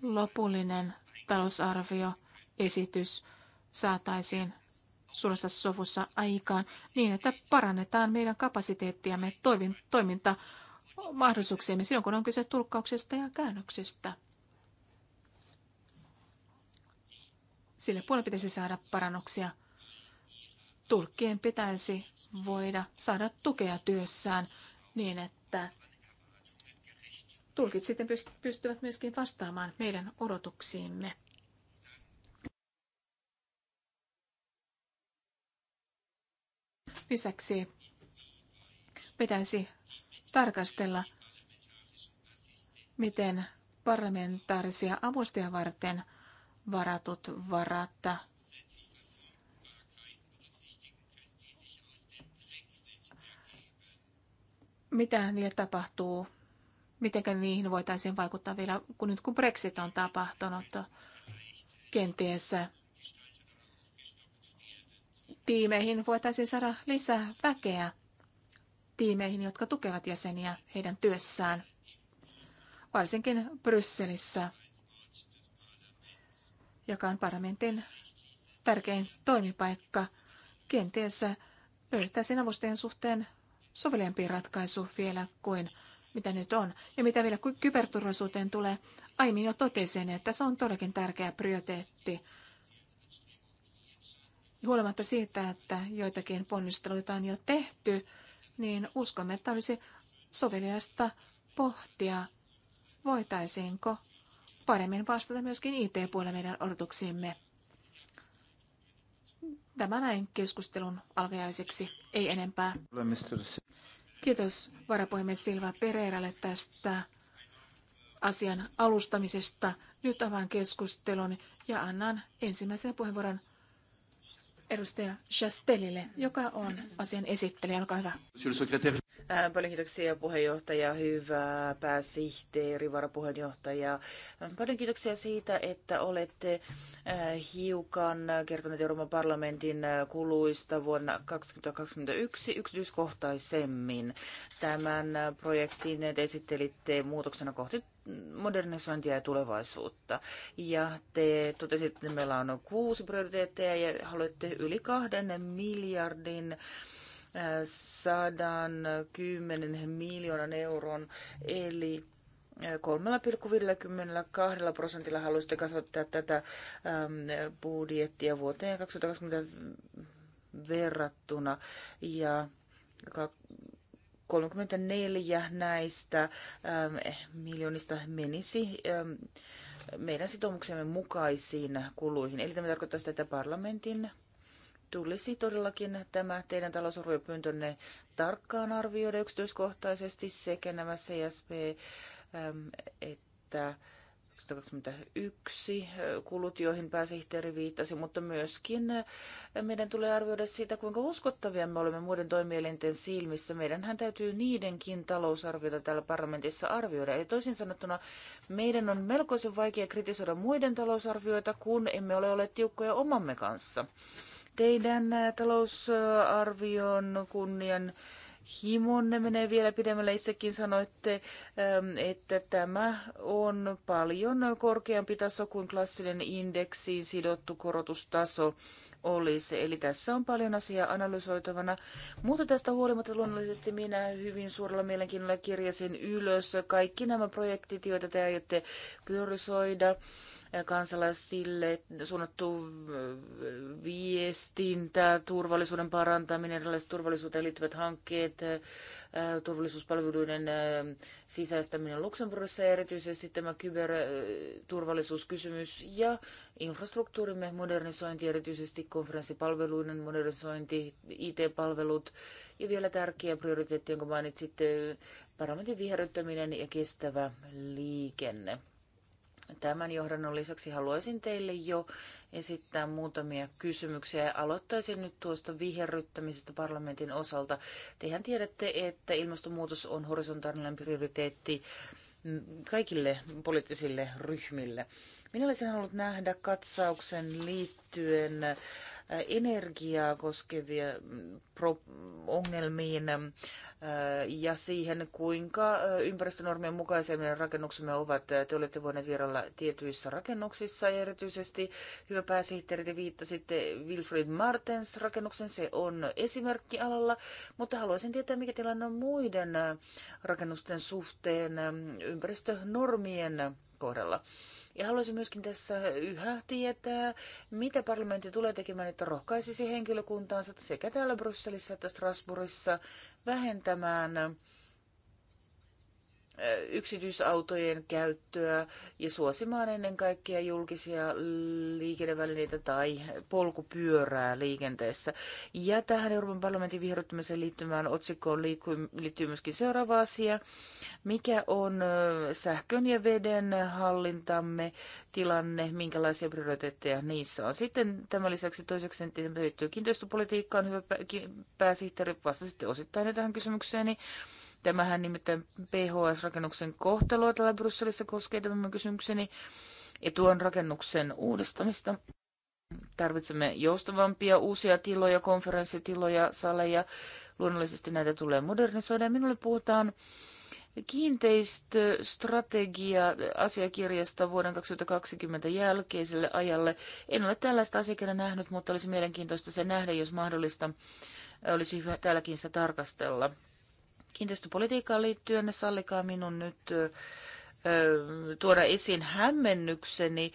lopullinen talousarvioesitys saataisiin suuressa sovussa aikaan niin, että parannetaan meidän kapasiteettiamme toiminta mahdollisuuksiamme silloin, kun on kyse tulkkauksesta ja käännöksestä. Sille puolelle pitäisi saada parannuksia. Turkkien pitäisi voida saada tukea työssään niin, että tulkit sitten pystyvät myöskin vastaamaan meidän odotuksiimme. Lisäksi pitäisi tarkastella, miten parlamentaarisia avustajia varten varatut varat mitä niille tapahtuu miten niihin voitaisiin vaikuttaa vielä, kun nyt kun Brexit on tapahtunut kenties tiimeihin voitaisiin saada lisää väkeä tiimeihin, jotka tukevat jäseniä heidän työssään, varsinkin Brysselissä, joka on parlamentin tärkein toimipaikka. Kenties löydettäisiin avustajien suhteen soveliampi ratkaisu vielä kuin mitä nyt on. Ja mitä vielä kyberturvallisuuteen tulee, aiemmin jo totesin, että se on todellakin tärkeä prioriteetti. Huolimatta siitä, että joitakin ponnisteluita on jo tehty, niin uskomme, että olisi soveliasta pohtia, voitaisiinko paremmin vastata myöskin IT-puolella meidän odotuksiimme. Tämä näin keskustelun alkajaiseksi, ei enempää. Kiitos varapuhemies Silva Pereiralle tästä asian alustamisesta. Nyt avaan keskustelun ja annan ensimmäisen puheenvuoron edustaja Chastelille, joka on asian esittelijä. Olkaa hyvä. Äh, paljon kiitoksia puheenjohtaja, hyvä pääsihteeri, varapuheenjohtaja. Äh, paljon kiitoksia siitä, että olette äh, hiukan kertoneet Euroopan parlamentin kuluista vuonna 2021 yksityiskohtaisemmin. Tämän projektin te esittelitte muutoksena kohti modernisointia ja tulevaisuutta. Ja te totesitte, että meillä on kuusi prioriteetteja ja haluatte yli kahden miljardin 110 miljoonan euron, eli 3,52 prosentilla haluaisitte kasvattaa tätä budjettia vuoteen 2020 verrattuna. Ja 34 näistä eh, miljoonista menisi meidän sitoumuksemme mukaisiin kuluihin. Eli tämä tarkoittaa sitä, että parlamentin tulisi todellakin tämä teidän talousarviopyyntönne tarkkaan arvioida yksityiskohtaisesti sekä nämä CSP että 21 äh, kulut, joihin pääsihteeri viittasi, mutta myöskin äh, meidän tulee arvioida sitä, kuinka uskottavia me olemme muiden toimielinten silmissä. Meidänhän täytyy niidenkin talousarviota täällä parlamentissa arvioida. Eli toisin sanottuna meidän on melkoisen vaikea kritisoida muiden talousarvioita, kun emme ole olleet tiukkoja omamme kanssa. Teidän talousarvion kunnian himonne menee vielä pidemmälle. Itsekin sanoitte, että tämä on paljon korkeampi taso kuin klassinen indeksiin sidottu korotustaso olisi. Eli tässä on paljon asiaa analysoitavana, mutta tästä huolimatta luonnollisesti minä hyvin suurella mielenkiinnolla kirjasin ylös kaikki nämä projektit, joita te aiotte priorisoida kansalaisille suunnattu äh, viestintä, turvallisuuden parantaminen, erilaiset turvallisuuteen liittyvät hankkeet, turvallisuuspalveluiden sisäistäminen Luxemburgissa ja erityisesti tämä kyberturvallisuuskysymys ja infrastruktuurimme modernisointi, erityisesti konferenssipalveluiden modernisointi, IT-palvelut ja vielä tärkeä prioriteetti, jonka mainitsitte, parlamentin viherryttäminen ja kestävä liikenne. Tämän johdannon lisäksi haluaisin teille jo esittää muutamia kysymyksiä. Aloittaisin nyt tuosta viherryttämisestä parlamentin osalta. Tehän tiedätte, että ilmastonmuutos on horisontaalinen prioriteetti kaikille poliittisille ryhmille. Minä olisin halunnut nähdä katsauksen liittyen energiaa koskevia mm, ongelmiin äh, ja siihen, kuinka äh, ympäristönormien mukaisia meidän rakennuksemme ovat. Te olette voineet vierailla tietyissä rakennuksissa ja erityisesti hyvä pääsihteeri, te viittasitte Wilfried Martens rakennuksen, se on esimerkki alalla, mutta haluaisin tietää, mikä tilanne on muiden äh, rakennusten suhteen ähm, ympäristönormien kohdalla. Ja haluaisin myöskin tässä yhä tietää, mitä parlamentti tulee tekemään, että rohkaisisi henkilökuntaansa sekä täällä Brysselissä että Strasbourgissa vähentämään yksityisautojen käyttöä ja suosimaan ennen kaikkea julkisia liikennevälineitä tai polkupyörää liikenteessä. Ja tähän Euroopan parlamentin viherryttämiseen liittymään otsikkoon liittyy myöskin seuraava asia. Mikä on sähkön ja veden hallintamme tilanne, minkälaisia prioriteetteja niissä on. Sitten tämän lisäksi toiseksi liittyy kiinteistöpolitiikkaan. Hyvä pääsihteeri, vastasitte osittain jo tähän kysymykseen. Niin Tämähän nimittäin PHS-rakennuksen kohtaloa täällä Brysselissä koskee tämän kysymykseni ja tuon rakennuksen uudistamista. Tarvitsemme joustavampia uusia tiloja, konferenssitiloja, saleja. Luonnollisesti näitä tulee modernisoida. Minulle puhutaan kiinteistöstrategia asiakirjasta vuoden 2020 jälkeiselle ajalle. En ole tällaista asiakirjaa nähnyt, mutta olisi mielenkiintoista se nähdä, jos mahdollista. Olisi hyvä täälläkin sitä tarkastella kiinteistöpolitiikkaan liittyen, sallikaa minun nyt tuoda esiin hämmennykseni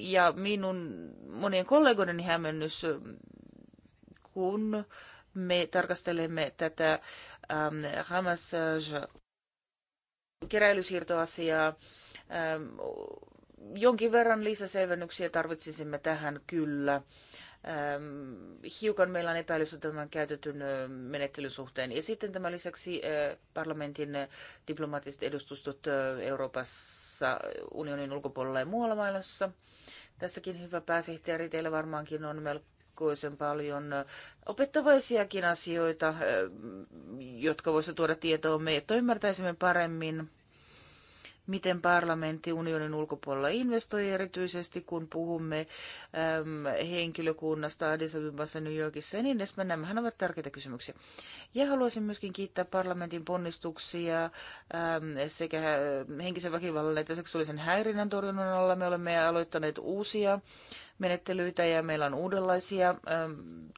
ja minun monien kollegoideni hämmennys, kun me tarkastelemme tätä Hamas keräilysiirtoasiaa. Jonkin verran lisäselvennyksiä tarvitsisimme tähän kyllä hiukan meillä on epäilystä tämän käytetyn menettelyn suhteen. Ja sitten tämän lisäksi parlamentin diplomaattiset edustustot Euroopassa, unionin ulkopuolella ja muualla maailmassa. Tässäkin hyvä pääsihteeri, teillä varmaankin on melkoisen paljon opettavaisiakin asioita, jotka voisi tuoda tietoa me, että ymmärtäisimme paremmin miten parlamentti unionin ulkopuolella investoi, erityisesti kun puhumme äm, henkilökunnasta Addis Abebassa, New Yorkissa ja niin edespäin. Nämähän ovat tärkeitä kysymyksiä. Ja haluaisin myöskin kiittää parlamentin ponnistuksia äm, sekä äh, henkisen väkivallan että seksuaalisen häirinnän torjunnan alla. Me olemme aloittaneet uusia menettelyitä ja meillä on uudenlaisia äm,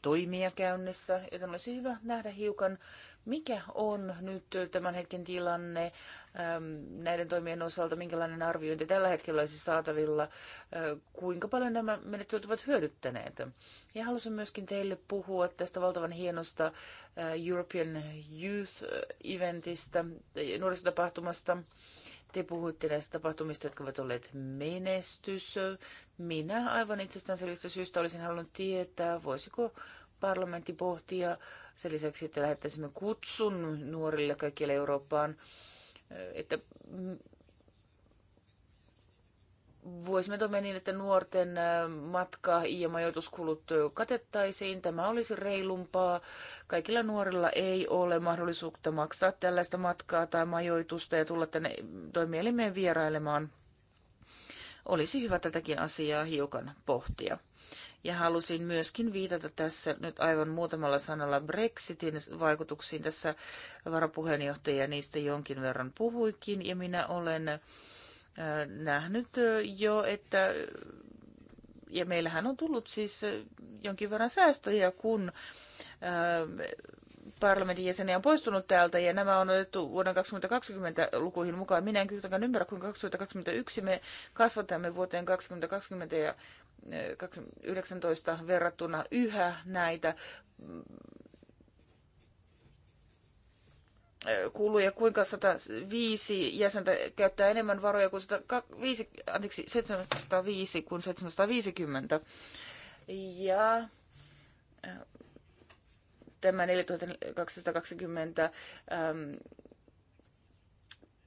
toimia käynnissä, joten olisi hyvä nähdä hiukan, mikä on nyt tämän hetken tilanne Ähm, näiden toimien osalta, minkälainen arviointi tällä hetkellä olisi saatavilla, äh, kuinka paljon nämä menettelyt ovat hyödyttäneet. Ja halusin myöskin teille puhua tästä valtavan hienosta äh, European Youth äh, Eventistä, nuorisotapahtumasta. Te puhuitte näistä tapahtumista, jotka ovat olleet menestys. Minä aivan itsestäänselvistä syystä olisin halunnut tietää, voisiko parlamentti pohtia sen lisäksi, että lähettäisimme kutsun nuorille kaikille Eurooppaan että voisimme toimia niin, että nuorten matka- ja majoituskulut katettaisiin. Tämä olisi reilumpaa. Kaikilla nuorilla ei ole mahdollisuutta maksaa tällaista matkaa tai majoitusta ja tulla tänne toimielimeen vierailemaan. Olisi hyvä tätäkin asiaa hiukan pohtia. Ja halusin myöskin viitata tässä nyt aivan muutamalla sanalla Brexitin vaikutuksiin. Tässä varapuheenjohtaja niistä jonkin verran puhuikin ja minä olen äh, nähnyt äh, jo, että ja meillähän on tullut siis äh, jonkin verran säästöjä, kun parlamentin jäseniä on poistunut täältä ja nämä on otettu vuoden 2020 lukuihin mukaan. Minä en kyllä ymmärrä, kuinka 2021 me kasvatamme vuoteen 2020 ja 2019 verrattuna yhä näitä mm, kuluja, kuinka 105 jäsentä käyttää enemmän varoja kuin 105, anteeksi, 705 kuin 750. Ja äh, tämä 4220 ähm,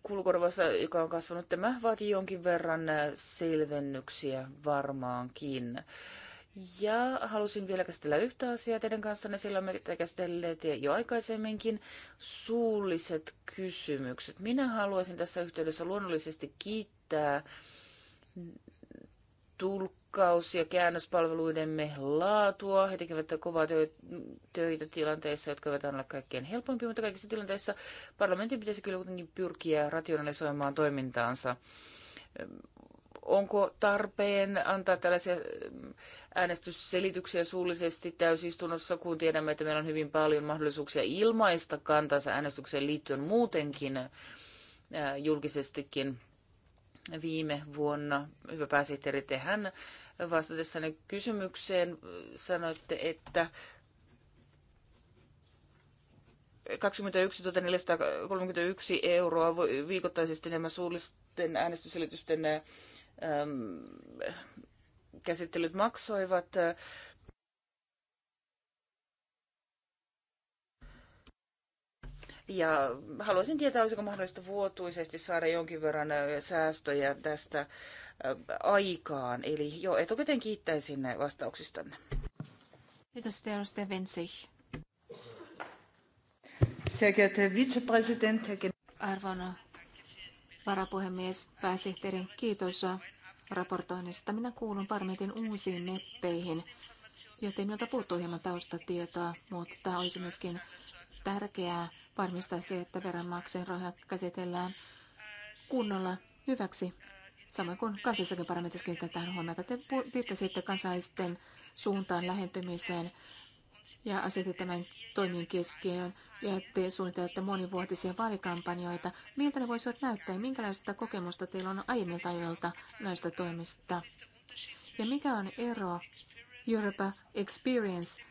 kulukorvassa, joka on kasvanut, tämä vaatii jonkin verran äh, selvennyksiä varmaankin. Ja halusin vielä käsitellä yhtä asiaa teidän kanssanne, sillä me käsitelleet jo aikaisemminkin suulliset kysymykset. Minä haluaisin tässä yhteydessä luonnollisesti kiittää tulkkaa pakkaus- ja käännöspalveluidemme laatua. He tekevät kovaa töitä tilanteissa, jotka eivät ole kaikkein helpompia, mutta kaikissa tilanteissa parlamentin pitäisi kyllä kuitenkin pyrkiä rationalisoimaan toimintaansa. Onko tarpeen antaa tällaisia mm, äänestysselityksiä suullisesti täysistunnossa, kun tiedämme, että meillä on hyvin paljon mahdollisuuksia ilmaista kantansa äänestykseen liittyen muutenkin äh, julkisestikin? viime vuonna. Hyvä pääsihteeri, tehän vastatessanne kysymykseen sanoitte, että 21 euroa viikoittaisesti nämä suullisten äänestyselitysten käsittelyt maksoivat. Ja haluaisin tietää, olisiko mahdollista vuotuisesti saada jonkin verran säästöjä tästä aikaan. Eli jo etukäteen kiittäisin vastauksistanne. Kiitos, edustaja Vensig. Arvon varapuhemies, pääsihteeri, kiitos raportoinnista. Minä kuulun parlamentin uusiin neppeihin, joten minulta puuttuu hieman taustatietoa, mutta olisi myöskin tärkeää varmistaa se, että veronmaksajien rahoja käsitellään kunnolla hyväksi. Samoin kuin kansallisessakin parlamentissa kiinnitetään huomiota. Te viittasitte kansalaisten suuntaan lähentymiseen ja asetit tämän toimien keskiöön ja te suunnittelette monivuotisia vaalikampanjoita. Miltä ne voisivat näyttää ja minkälaista kokemusta teillä on aiemmilta ajoilta näistä toimista? Ja mikä on ero Europe Experience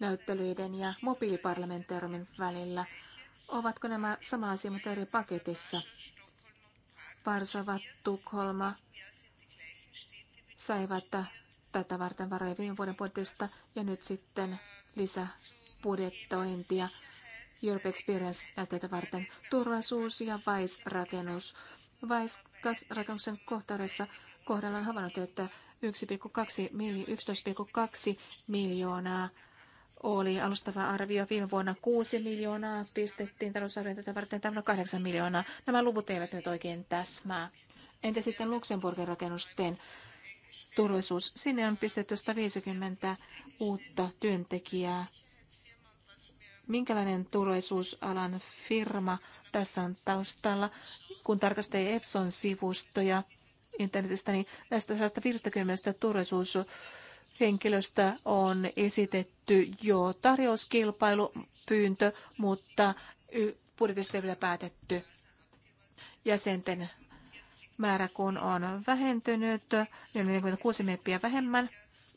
näyttelyiden ja mobiiliparlamentaarimin välillä. Ovatko nämä sama asia, mutta eri paketissa? Varsava, Tukholma saivat tätä varten varoja viime vuoden budjetista ja nyt sitten lisäbudjettointia Europe Experience näytteitä varten. Turvallisuus ja vaisrakennus. rakennus rakennuksen kohtaudessa kohdalla on havainnut, että 1,2 miljoonaa oli alustava arvio. Viime vuonna 6 miljoonaa pistettiin talousarvioon tätä varten, tämä 8 miljoonaa. Nämä luvut eivät nyt oikein täsmää. Entä sitten Luxemburgin rakennusten turvallisuus? Sinne on pistetty 150 uutta työntekijää. Minkälainen turvallisuusalan firma tässä on taustalla? Kun tarkastelee Epson sivustoja internetistä, niin näistä 150 turvallisuus henkilöstä on esitetty jo tarjouskilpailupyyntö, mutta budjetista ei vielä päätetty jäsenten määrä, kun on vähentynyt, niin 46 meppiä vähemmän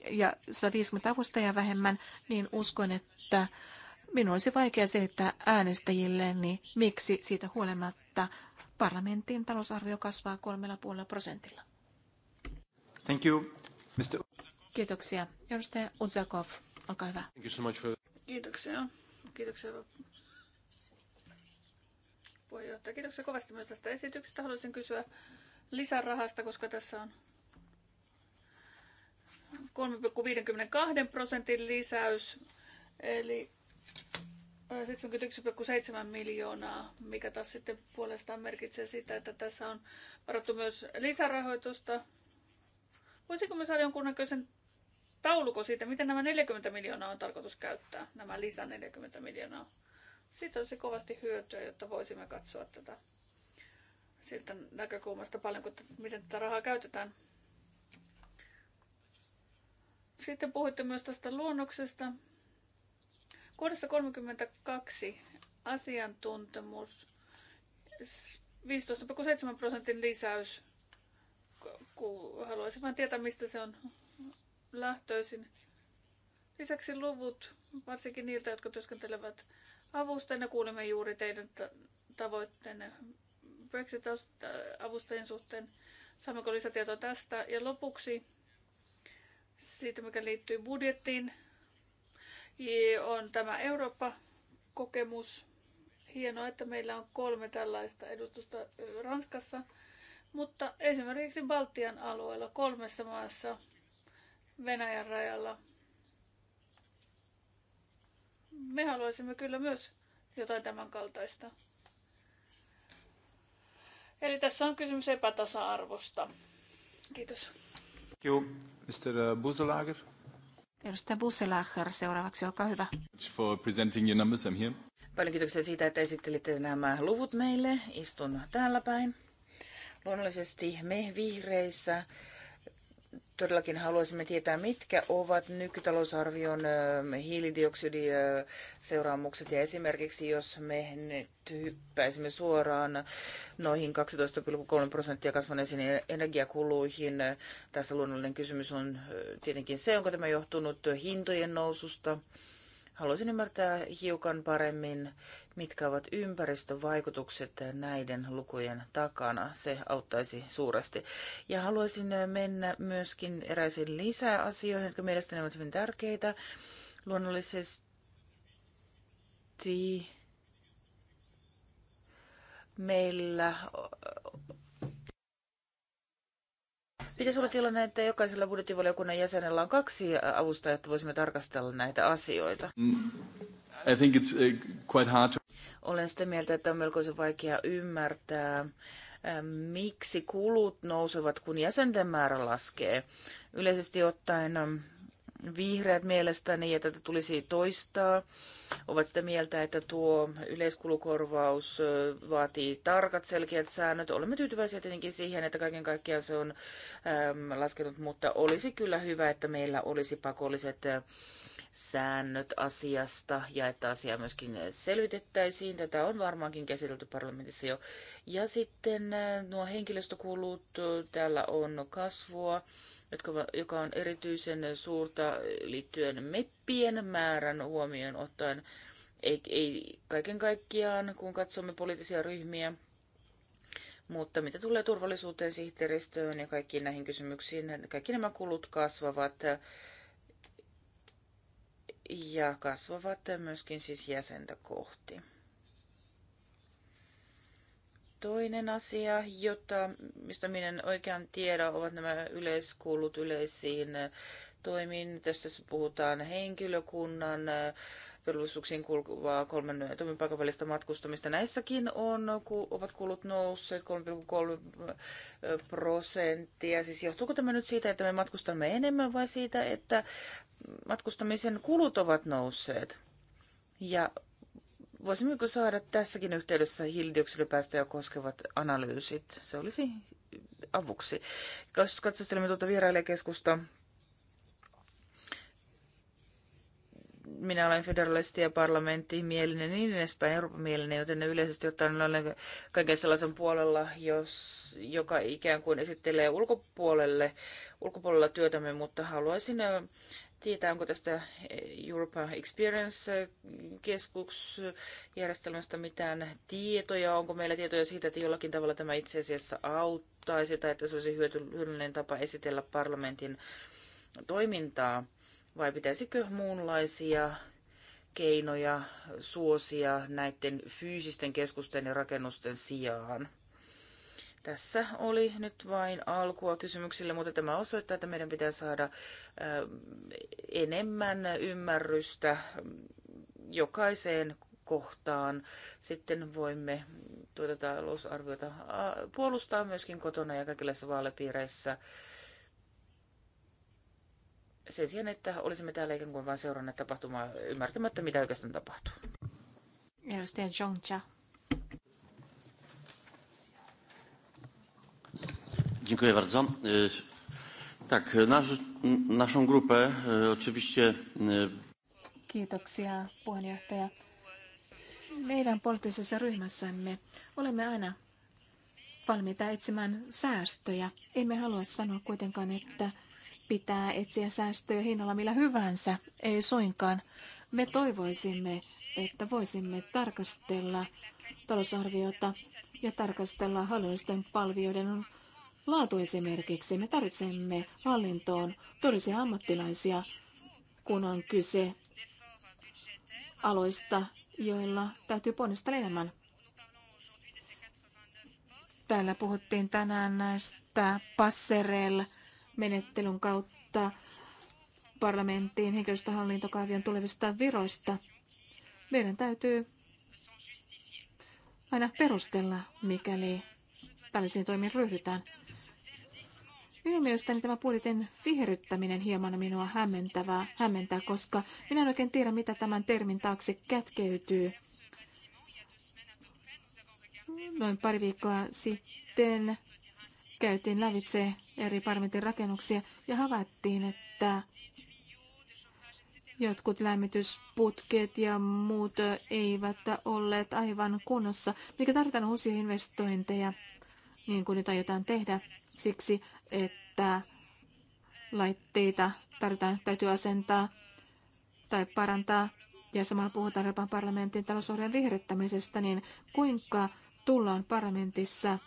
ja 150 avustajaa vähemmän, niin uskon, että minun olisi vaikea selittää äänestäjille, niin miksi siitä huolimatta parlamentin talousarvio kasvaa kolmella puolella prosentilla. Thank you. Mr. Kiitoksia. Edustaja Uzakov, olkaa hyvä. Kiitoksia. Kiitoksia puheenjohtaja. Kiitoksia kovasti myös tästä esityksestä. Haluaisin kysyä lisärahasta, koska tässä on 3,52 prosentin lisäys, eli 71,7 äh, miljoonaa, mikä taas sitten puolestaan merkitsee sitä, että tässä on varattu myös lisärahoitusta. Voisiko me saada jonkunnäköisen taulukon siitä, miten nämä 40 miljoonaa on tarkoitus käyttää, nämä lisä 40 miljoonaa. Siitä olisi kovasti hyötyä, jotta voisimme katsoa tätä siltä näkökulmasta paljon, kun miten tätä rahaa käytetään. Sitten puhuitte myös tästä luonnoksesta. Kohdassa 32 asiantuntemus, 15,7 prosentin lisäys. Haluaisin vain tietää, mistä se on lähtöisin. Lisäksi luvut, varsinkin niiltä, jotka työskentelevät avustajina, kuulimme juuri teidän tavoitteenne Brexit-avustajien suhteen. Saammeko lisätietoa tästä? Ja lopuksi siitä, mikä liittyy budjettiin, on tämä Eurooppa-kokemus. Hienoa, että meillä on kolme tällaista edustusta Ranskassa, mutta esimerkiksi Baltian alueella kolmessa maassa – Venäjän rajalla. Me haluaisimme kyllä myös jotain tämän kaltaista. Eli tässä on kysymys epätasa-arvosta. Kiitos. Kiitos. Mr. Uh, Buselager. Edustaja Buselager, seuraavaksi olkaa hyvä. For presenting your numbers, I'm here. Paljon kiitoksia siitä, että esittelitte nämä luvut meille. Istun täällä päin. Luonnollisesti me vihreissä todellakin haluaisimme tietää, mitkä ovat nykytalousarvion hiilidioksidiseuraamukset. Ja esimerkiksi jos me nyt hyppäisimme suoraan noihin 12,3 prosenttia kasvaneisiin energiakuluihin, tässä luonnollinen kysymys on tietenkin se, onko tämä johtunut hintojen noususta – Haluaisin ymmärtää hiukan paremmin, mitkä ovat ympäristövaikutukset näiden lukujen takana. Se auttaisi suuresti. Ja haluaisin mennä myöskin eräisiin lisäasioihin, jotka mielestäni ovat hyvin tärkeitä. Luonnollisesti meillä Pitäisi olla tilanne, että jokaisella budjettivaliokunnan jäsenellä on kaksi avustajaa, että voisimme tarkastella näitä asioita. Mm, I think it's uh, quite hard to... Olen sitä mieltä, että on melkoisen vaikea ymmärtää, äh, miksi kulut nousevat, kun jäsenten määrä laskee. Yleisesti ottaen Vihreät mielestäni, ja tätä tulisi toistaa, ovat sitä mieltä, että tuo yleiskulukorvaus vaatii tarkat, selkeät säännöt. Olemme tyytyväisiä tietenkin siihen, että kaiken kaikkiaan se on äm, laskenut, mutta olisi kyllä hyvä, että meillä olisi pakolliset säännöt asiasta ja että asiaa myöskin selvitettäisiin. Tätä on varmaankin käsitelty parlamentissa jo. Ja sitten äh, nuo henkilöstökulut, äh, täällä on kasvua, jotka, joka on erityisen suurta liittyen meppien määrän huomioon ottaen. Ei, ei kaiken kaikkiaan, kun katsomme poliittisia ryhmiä, mutta mitä tulee turvallisuuteen, sihteeristöön ja kaikkiin näihin kysymyksiin, kaikki nämä kulut kasvavat ja kasvavat myöskin siis jäsentä kohti. Toinen asia, jota, mistä minä en oikein tiedä, ovat nämä yleiskulut yleisiin toimiin. Tästä puhutaan henkilökunnan äh, velvollisuuksiin kulkuvaa kolmen äh, toimipaikan välistä matkustamista. Näissäkin on, ovat kulut nousseet 3,3 äh, prosenttia. Siis johtuuko tämä nyt siitä, että me matkustamme enemmän vai siitä, että matkustamisen kulut ovat nousseet. Ja voisimmeko saada tässäkin yhteydessä hiilidioksidipäästöjä koskevat analyysit? Se olisi avuksi. Jos katsastelemme tuota vierailijakeskusta, minä olen federalisti ja parlamentti mielinen ja niin edespäin, Euroopan mielinen, joten ne yleisesti ottaen olen kaiken sellaisen puolella, jos, joka ikään kuin esittelee ulkopuolelle, ulkopuolella työtämme, mutta haluaisin tietää, onko tästä Europa Experience-keskusjärjestelmästä mitään tietoja, onko meillä tietoja siitä, että jollakin tavalla tämä itse asiassa auttaisi tai että se olisi hyödyllinen tapa esitellä parlamentin toimintaa, vai pitäisikö muunlaisia keinoja suosia näiden fyysisten keskusten ja rakennusten sijaan? Tässä oli nyt vain alkua kysymyksille, mutta tämä osoittaa, että meidän pitää saada enemmän ymmärrystä mm, jokaiseen kohtaan. Sitten voimme tuota talousarviota puolustaa myöskin kotona ja kaikenlaisissa vaalipiireissä. Sen sijaan, että olisimme täällä ikään kuin vain seuranneet tapahtumaa ymmärtämättä, mitä oikeastaan tapahtuu. Edustaja Jongcha. Dziękuję bardzo. Tak, nasz, naszą grupę oczywiście... Kiitoksia puheenjohtaja. Meidän poliittisessa ryhmässämme olemme aina valmiita etsimään säästöjä. Emme halua sanoa kuitenkaan, että pitää etsiä säästöjä hinnalla millä hyvänsä. Ei suinkaan. Me toivoisimme, että voisimme tarkastella talousarviota ja tarkastella hallinnollisten palvioiden Laatu esimerkiksi. Me tarvitsemme hallintoon todellisia ammattilaisia, kun on kyse aloista, joilla täytyy ponnistella enemmän. Täällä puhuttiin tänään näistä passerel-menettelyn kautta parlamenttiin henkilöstöhallintokaavion tulevista viroista. Meidän täytyy aina perustella, mikäli tällaisiin toimiin ryhdytään. Minun mielestäni tämä budjetin viherryttäminen hieman minua hämmentävää, hämmentää, koska minä en oikein tiedä, mitä tämän termin taakse kätkeytyy. Noin pari viikkoa sitten käytiin lävitse eri parlamentin rakennuksia ja havaittiin, että jotkut lämmitysputket ja muut eivät olleet aivan kunnossa, mikä tarvitaan uusia investointeja, niin kuin nyt aiotaan tehdä. Siksi että laitteita tarvitaan, täytyy asentaa tai parantaa, ja samalla puhutaan Euroopan parlamentin talousohjelman vihreyttämisestä, niin kuinka tullaan parlamentissa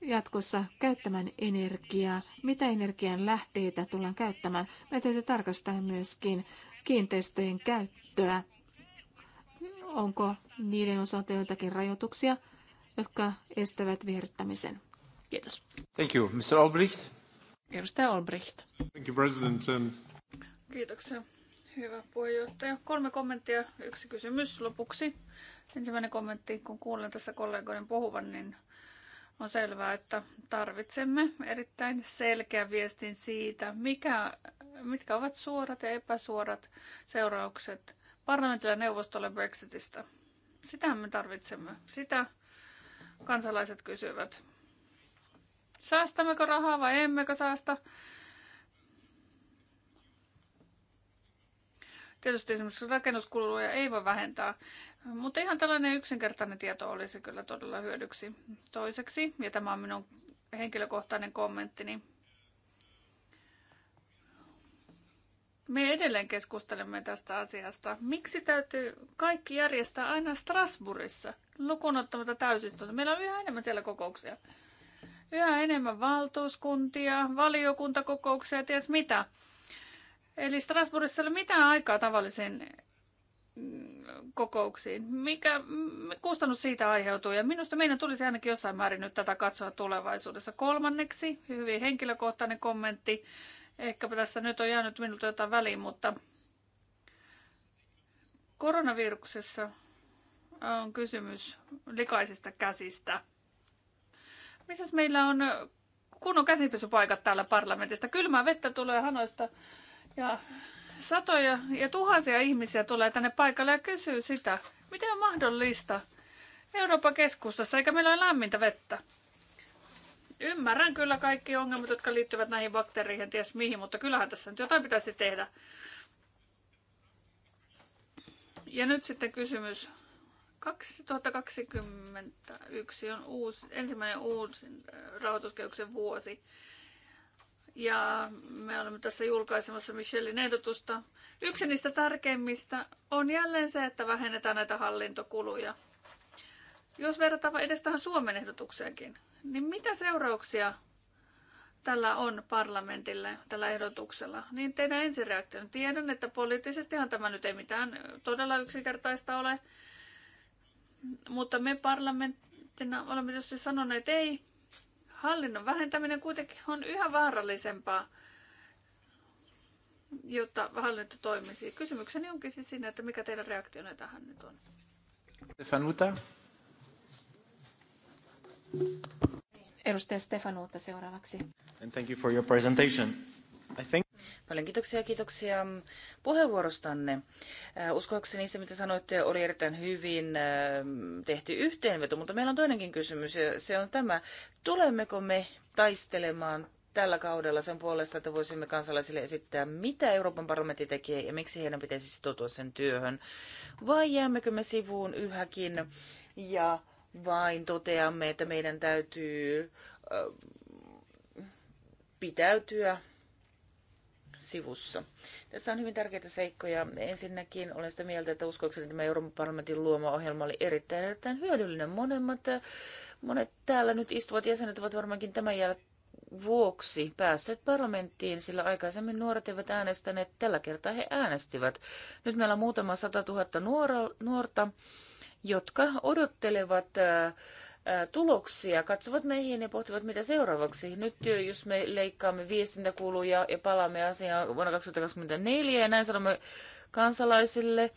jatkossa käyttämään energiaa, mitä energian lähteitä tullaan käyttämään. Me täytyy tarkastaa myöskin kiinteistöjen käyttöä. Onko niiden osalta joitakin rajoituksia, jotka estävät vihreyttämisen. Kiitos. Thank you, Mr. Albrecht. Edustaja Albrecht. Thank you, President. Kiitoksia. Hyvä puheenjohtaja. Kolme kommenttia, yksi kysymys lopuksi. Ensimmäinen kommentti, kun kuulen tässä kollegoiden puhuvan, niin on selvää, että tarvitsemme erittäin selkeän viestin siitä, mikä, mitkä ovat suorat ja epäsuorat seuraukset parlamentilla ja neuvostolle Brexitistä. Sitä me tarvitsemme. Sitä kansalaiset kysyvät. Säästämmekö rahaa vai emmekö säästä? Tietysti esimerkiksi rakennuskuluja ei voi vähentää, mutta ihan tällainen yksinkertainen tieto olisi kyllä todella hyödyksi. Toiseksi, ja tämä on minun henkilökohtainen kommenttini, me edelleen keskustelemme tästä asiasta. Miksi täytyy kaikki järjestää aina Strasbourgissa, lukuun ottamatta Meillä on yhä enemmän siellä kokouksia yhä enemmän valtuuskuntia, valiokuntakokouksia ja ties mitä. Eli Strasbourgissa ei ole mitään aikaa tavallisen mm, kokouksiin. Mikä mm, kustannus siitä aiheutuu? Ja minusta meidän tulisi ainakin jossain määrin nyt tätä katsoa tulevaisuudessa. Kolmanneksi, hyvin henkilökohtainen kommentti. Ehkä tässä nyt on jäänyt minulta jotain väliin, mutta koronaviruksessa on kysymys likaisista käsistä – Missäs meillä on kunnon käsipysypaikat täällä parlamentista? Kylmää vettä tulee hanoista ja satoja ja tuhansia ihmisiä tulee tänne paikalle ja kysyy sitä, miten on mahdollista Euroopan keskustassa, eikä meillä ole lämmintä vettä. Ymmärrän kyllä kaikki ongelmat, jotka liittyvät näihin bakteereihin, ties mihin, mutta kyllähän tässä nyt jotain pitäisi tehdä. Ja nyt sitten kysymys 2021 on uusi, ensimmäinen uusi äh, rahoituskehyksen vuosi. Ja me olemme tässä julkaisemassa Michellin ehdotusta. Yksi niistä tärkeimmistä on jälleen se, että vähennetään näitä hallintokuluja. Jos verrataan edes tähän Suomen ehdotukseenkin, niin mitä seurauksia tällä on parlamentille, tällä ehdotuksella, niin teidän ensireaktion tiedän, että poliittisestihan tämä nyt ei mitään todella yksinkertaista ole, mutta me parlamenttina olemme tietysti sanoneet, että ei, hallinnon vähentäminen kuitenkin on yhä vaarallisempaa, jotta hallinto toimisi. Kysymykseni onkin siis siinä, että mikä teidän reaktionne tähän nyt on. Stefanuta. Edustaja Stefanuta seuraavaksi. And thank you for your presentation. I think... Paljon kiitoksia, kiitoksia puheenvuorostanne. Äh, uskoakseni se, mitä sanoitte, oli erittäin hyvin äh, tehty yhteenveto, mutta meillä on toinenkin kysymys ja se on tämä. Tulemmeko me taistelemaan tällä kaudella sen puolesta, että voisimme kansalaisille esittää, mitä Euroopan parlamentti tekee ja miksi heidän pitäisi sitoutua sen työhön. Vai jäämmekö me sivuun yhäkin ja vain toteamme, että meidän täytyy äh, pitäytyä sivussa. Tässä on hyvin tärkeitä seikkoja. Ensinnäkin olen sitä mieltä, että uskoakseni tämä Euroopan parlamentin luoma ohjelma oli erittäin, erittäin hyödyllinen. Monemmat, monet täällä nyt istuvat jäsenet ovat varmaankin tämän jälkeen vuoksi päässeet parlamenttiin, sillä aikaisemmin nuoret eivät äänestäneet, tällä kertaa he äänestivät. Nyt meillä on muutama sata tuhatta nuorta, jotka odottelevat äh, tuloksia, katsovat meihin ja pohtivat mitä seuraavaksi. Nyt jos me leikkaamme viestintäkuluja ja palaamme asiaan vuonna 2024 ja näin sanomme kansalaisille,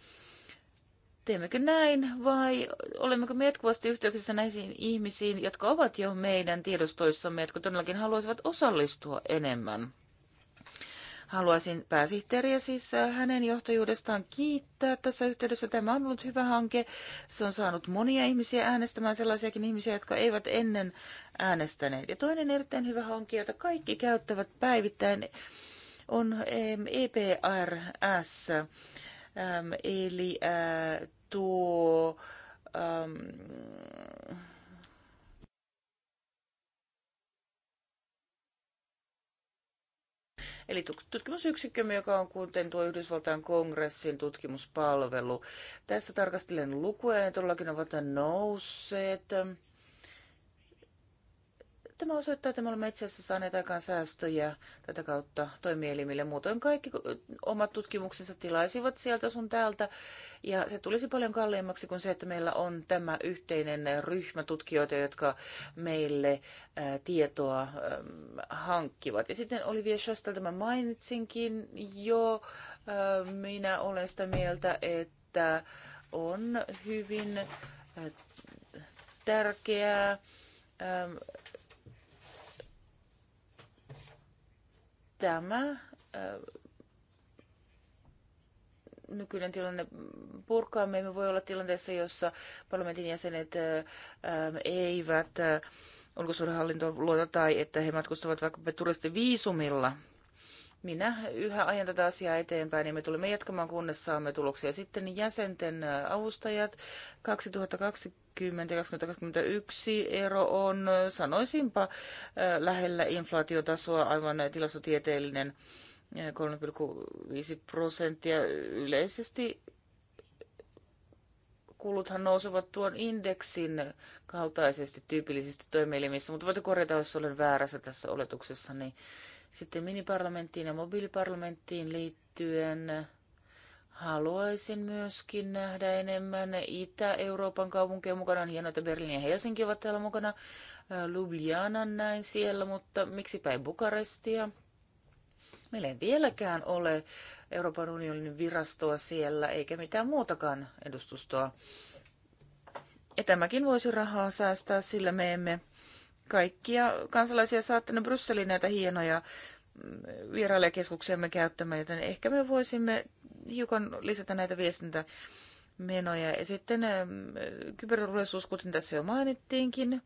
teemmekö näin vai olemmeko me jatkuvasti yhteyksissä näihin ihmisiin, jotka ovat jo meidän tiedostoissamme, jotka todellakin haluaisivat osallistua enemmän? Haluaisin pääsihteeriä siis äh, hänen johtajuudestaan kiittää tässä yhteydessä. Tämä on ollut hyvä hanke. Se on saanut monia ihmisiä äänestämään, sellaisiakin ihmisiä, jotka eivät ennen äänestäneet. Ja toinen erittäin hyvä hanke, jota kaikki käyttävät päivittäin, on ähm, EPRS, ähm, eli äh, tuo... Ähm, eli tutkimusyksikkömme, joka on kuten tuo Yhdysvaltain kongressin tutkimuspalvelu. Tässä tarkastelen lukuja, ja todellakin ovat nousseet. Tämä osoittaa, että me olemme itse asiassa saaneet aikaan säästöjä tätä kautta toimielimille. Muutoin kaikki omat tutkimuksensa tilaisivat sieltä sun täältä. Ja se tulisi paljon kalliimmaksi kuin se, että meillä on tämä yhteinen ryhmä tutkijoita, jotka meille ää, tietoa ää, hankkivat. Ja sitten Olivia Schastel, tämä mainitsinkin jo. Ää, minä olen sitä mieltä, että on hyvin ää, tärkeää ää, tämä nykyinen tilanne purkaa. Me emme voi olla tilanteessa, jossa parlamentin jäsenet eivät ulkosuudenhallintoon luota tai että he matkustavat vaikkapa viisumilla. Minä yhä ajan tätä asiaa eteenpäin ja me tulemme jatkamaan, kunnes saamme tuloksia. Sitten jäsenten avustajat 2020 2021 ero on, sanoisinpa, äh, lähellä inflaatiotasoa aivan tilastotieteellinen 3,5 äh, prosenttia. Yleisesti kuluthan nousevat tuon indeksin kaltaisesti tyypillisesti toimielimissä, mutta voitte korjata, jos olen väärässä tässä oletuksessa, niin sitten miniparlamenttiin ja mobiiliparlamenttiin liittyen Haluaisin myöskin nähdä enemmän Itä-Euroopan kaupunkeja mukana. On hienoa, että Berliini ja Helsinki ovat täällä mukana. Ljubljanan näin siellä, mutta miksipä ei Bukarestia? Meillä ei vieläkään ole Euroopan unionin virastoa siellä, eikä mitään muutakaan edustustoa. Ja tämäkin voisi rahaa säästää, sillä me emme kaikkia kansalaisia saa tänne Brysseliin näitä hienoja vierailijakeskuksiamme käyttämään, joten ehkä me voisimme hiukan lisätä näitä viestintämenoja. Ja sitten ähm, kyberturvallisuus, kuten tässä jo mainittiinkin.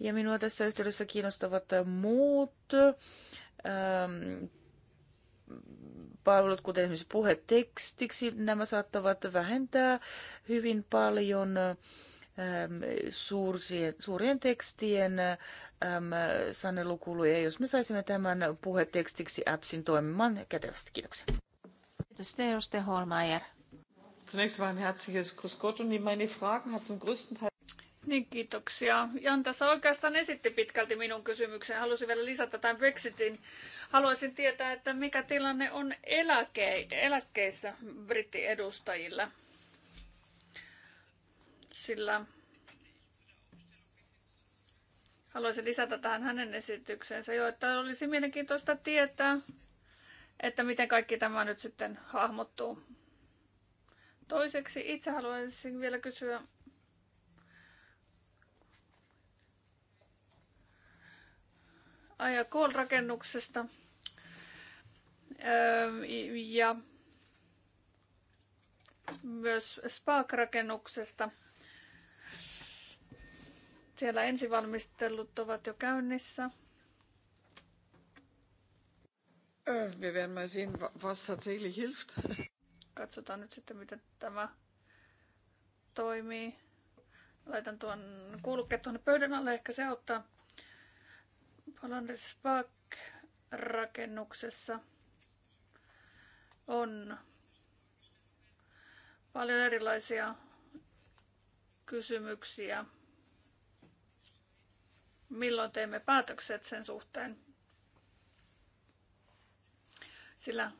Ja minua tässä yhteydessä kiinnostavat muut ähm, palvelut, kuten esimerkiksi puhetekstiksi. Nämä saattavat vähentää hyvin paljon äh, Ähm, suurien, suurien tekstien ähm, sanelukuluja, jos me saisimme tämän puhetekstiksi appsin toimimaan kätevästi. Kiitoksia. Kiitos teille, Holmeier. Zunächst mal ein herzliches Grüß Gott und meine Fragen hat zum größten Teil niin, kiitoksia. Jan tässä oikeastaan esitti pitkälti minun kysymyksen. Halusin vielä lisätä tämän Brexitin. Haluaisin tietää, että mikä tilanne on eläke, eläkkeissä brittiedustajilla sillä haluaisin lisätä tähän hänen esityksensä jo, että olisi mielenkiintoista tietää, että miten kaikki tämä nyt sitten hahmottuu. Toiseksi itse haluaisin vielä kysyä Aja Kool-rakennuksesta. Öö, ja myös Spark-rakennuksesta. Siellä ensivalmistelut ovat jo käynnissä. Wir werden mal sehen, was tatsächlich hilft. Katsotaan nyt sitten, miten tämä toimii. Laitan tuon kuulukkeen tuonne pöydän alle, ehkä se auttaa. Palanders rakennuksessa on paljon erilaisia kysymyksiä milloin teemme päätökset sen suhteen. Sillä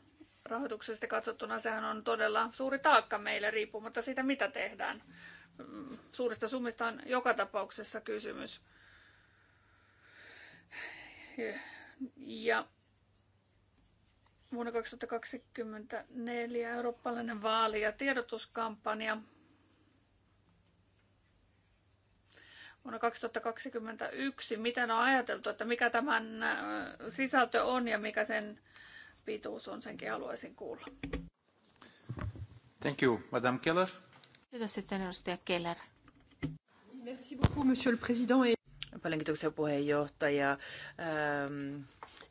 rahoituksesta katsottuna sehän on todella suuri taakka meille riippumatta siitä, mitä tehdään. Mm, suurista summista on joka tapauksessa kysymys. Ja vuonna 2024 eurooppalainen vaali- ja tiedotuskampanja – vuonna 2021. Miten on ajateltu, että mikä tämän äh, sisältö on ja mikä sen pituus on, senkin haluaisin kuulla. Thank you, Madame Keller. Kiitos sitten edustaja Keller. Merci beaucoup, Monsieur le Président. Paljon kiitoksia puheenjohtaja. Ähm,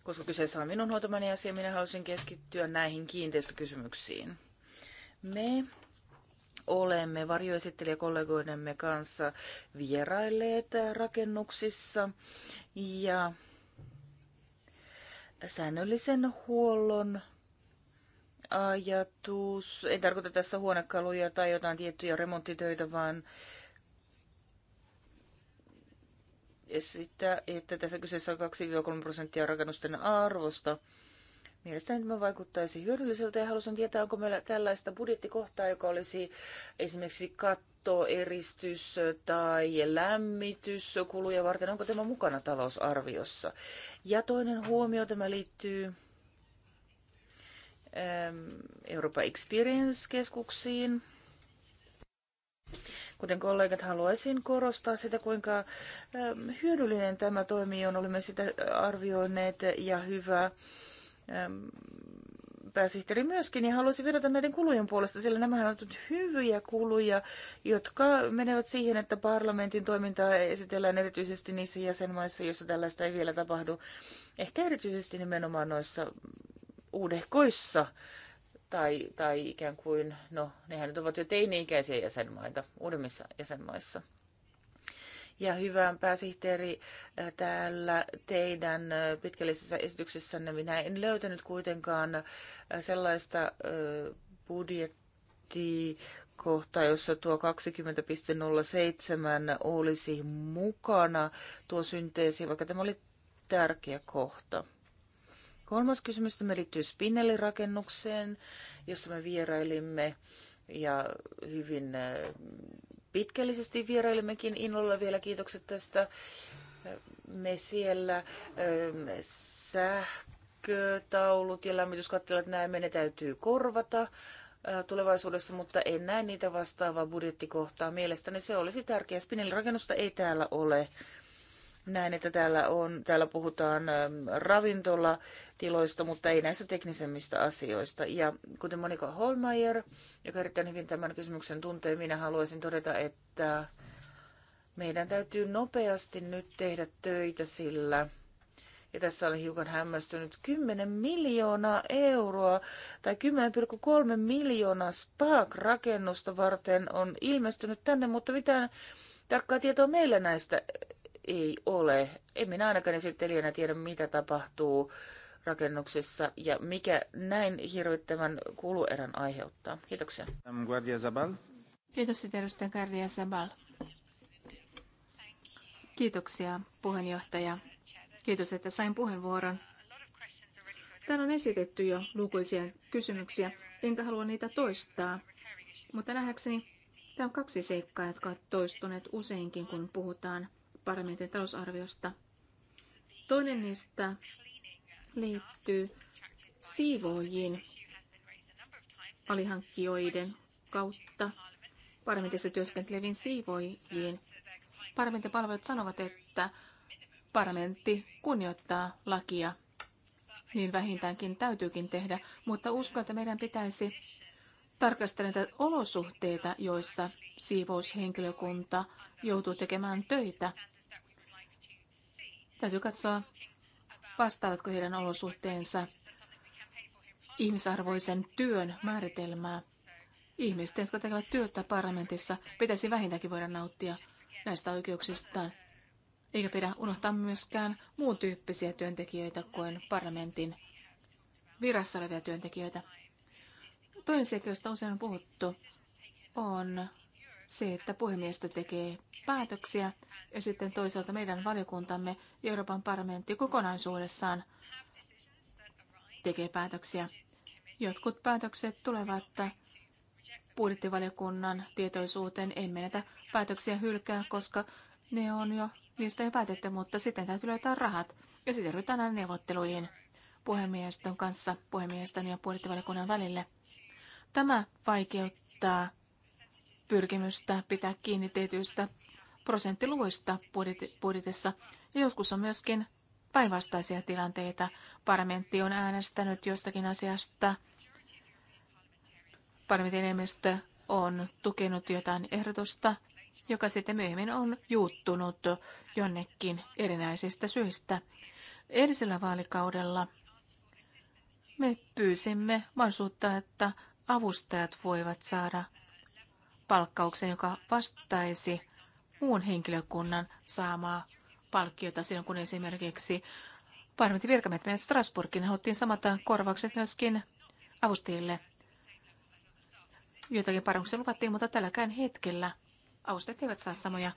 koska kyseessä on minun hoitamani asia, minä haluaisin keskittyä näihin kiinteistökysymyksiin. Me olemme varjoesittelijäkollegoidemme kanssa vierailleet rakennuksissa ja säännöllisen huollon ajatus, en tarkoita tässä huonekaluja tai jotain tiettyjä remonttitöitä, vaan sitä, että tässä kyseessä on 2-3 prosenttia rakennusten arvosta. Mielestäni tämä vaikuttaisi hyödylliseltä ja halusin tietää, onko meillä tällaista budjettikohtaa, joka olisi esimerkiksi katto, eristys tai lämmityskuluja varten. Onko tämä mukana talousarviossa? Ja toinen huomio, tämä liittyy ähm, Euroopan Experience-keskuksiin. Kuten kollegat, haluaisin korostaa sitä, kuinka ähm, hyödyllinen tämä toimi on. Olemme sitä arvioineet ja hyvä pääsihteeri myöskin, ja haluaisin vedota näiden kulujen puolesta, sillä nämä ovat hyviä kuluja, jotka menevät siihen, että parlamentin toimintaa esitellään erityisesti niissä jäsenmaissa, joissa tällaista ei vielä tapahdu. Ehkä erityisesti nimenomaan noissa uudehkoissa, tai, tai ikään kuin, no nehän nyt ovat jo teini-ikäisiä jäsenmaita, uudemmissa jäsenmaissa. Ja hyvä pääsihteeri, äh, täällä teidän äh, pitkällisessä esityksessänne minä en löytänyt kuitenkaan äh, sellaista budjettikohtaa, jossa tuo 20.07 olisi mukana tuo synteesi, vaikka tämä oli tärkeä kohta. Kolmas kysymys tämä liittyy Spinelli-rakennukseen, jossa me vierailimme ja hyvin pitkällisesti vierailemmekin innolla vielä kiitokset tästä. Me siellä ähm, sähkötaulut ja lämmityskattilat, näemme, ne täytyy korvata äh, tulevaisuudessa, mutta en näe niitä vastaavaa budjettikohtaa. Mielestäni se olisi tärkeää. Spinellirakennusta ei täällä ole. Näen, että täällä, on, täällä puhutaan ähm, ravintolatiloista, mutta ei näistä teknisemmistä asioista. Ja kuten Monika Holmeier, joka erittäin hyvin tämän kysymyksen tuntee, minä haluaisin todeta, että meidän täytyy nopeasti nyt tehdä töitä sillä, ja tässä olen hiukan hämmästynyt, 10 miljoonaa euroa tai 10,3 miljoonaa Spark-rakennusta varten on ilmestynyt tänne, mutta mitään tarkkaa tietoa meillä näistä ei ole. En minä ainakaan esittelijänä tiedä, mitä tapahtuu rakennuksessa ja mikä näin hirvittävän kuluerän aiheuttaa. Kiitoksia. Guardia Zabal. Kiitos edustaja Guardia Zabal. Kiitoksia puheenjohtaja. Kiitos, että sain puheenvuoron. Täällä on esitetty jo lukuisia kysymyksiä, enkä halua niitä toistaa. Mutta nähdäkseni tämä on kaksi seikkaa, jotka ovat toistuneet useinkin, kun puhutaan parlamentin talousarviosta. Toinen niistä liittyy siivoojiin alihankkijoiden kautta parlamentissa työskenteleviin siivoojiin. Parlamentin palvelut sanovat, että parlamentti kunnioittaa lakia. Niin vähintäänkin täytyykin tehdä, mutta uskon, että meidän pitäisi tarkastella näitä olosuhteita, joissa siivoushenkilökunta joutuu tekemään töitä Täytyy katsoa, vastaavatko heidän olosuhteensa ihmisarvoisen työn määritelmää. Ihmiset, jotka tekevät työtä parlamentissa, pitäisi vähintäänkin voida nauttia näistä oikeuksistaan. Eikä pidä unohtaa myöskään muun tyyppisiä työntekijöitä kuin parlamentin virassa olevia työntekijöitä. Toinen seikka, josta usein on puhuttu, on se, että puhemiesto tekee päätöksiä ja sitten toisaalta meidän valiokuntamme ja Euroopan parlamentti kokonaisuudessaan tekee päätöksiä. Jotkut päätökset tulevat budjettivaliokunnan tietoisuuteen. En menetä päätöksiä hylkää, koska ne on jo, niistä jo päätetty, mutta sitten täytyy löytää rahat. Ja sitten ryhdytään aina neuvotteluihin puhemiestön kanssa, puhemiestön ja budjettivaliokunnan välille. Tämä vaikeuttaa pyrkimystä pitää kiinni tietyistä prosenttiluvuista budjetissa. Ja joskus on myöskin päinvastaisia tilanteita. Parlamentti on äänestänyt jostakin asiasta. Parlamentin enemmistö on tukenut jotain ehdotusta, joka sitten myöhemmin on juuttunut jonnekin erinäisistä syistä. Edellisellä vaalikaudella me pyysimme mahdollisuutta, että avustajat voivat saada palkkauksen, joka vastaisi muun henkilökunnan saamaa palkkiota silloin, kun esimerkiksi parlamentin virkamiehet menivät Strasburgiin. Haluttiin samata korvaukset myöskin avustajille. Joitakin parannuksia luvattiin, mutta tälläkään hetkellä avustajat eivät saa samoja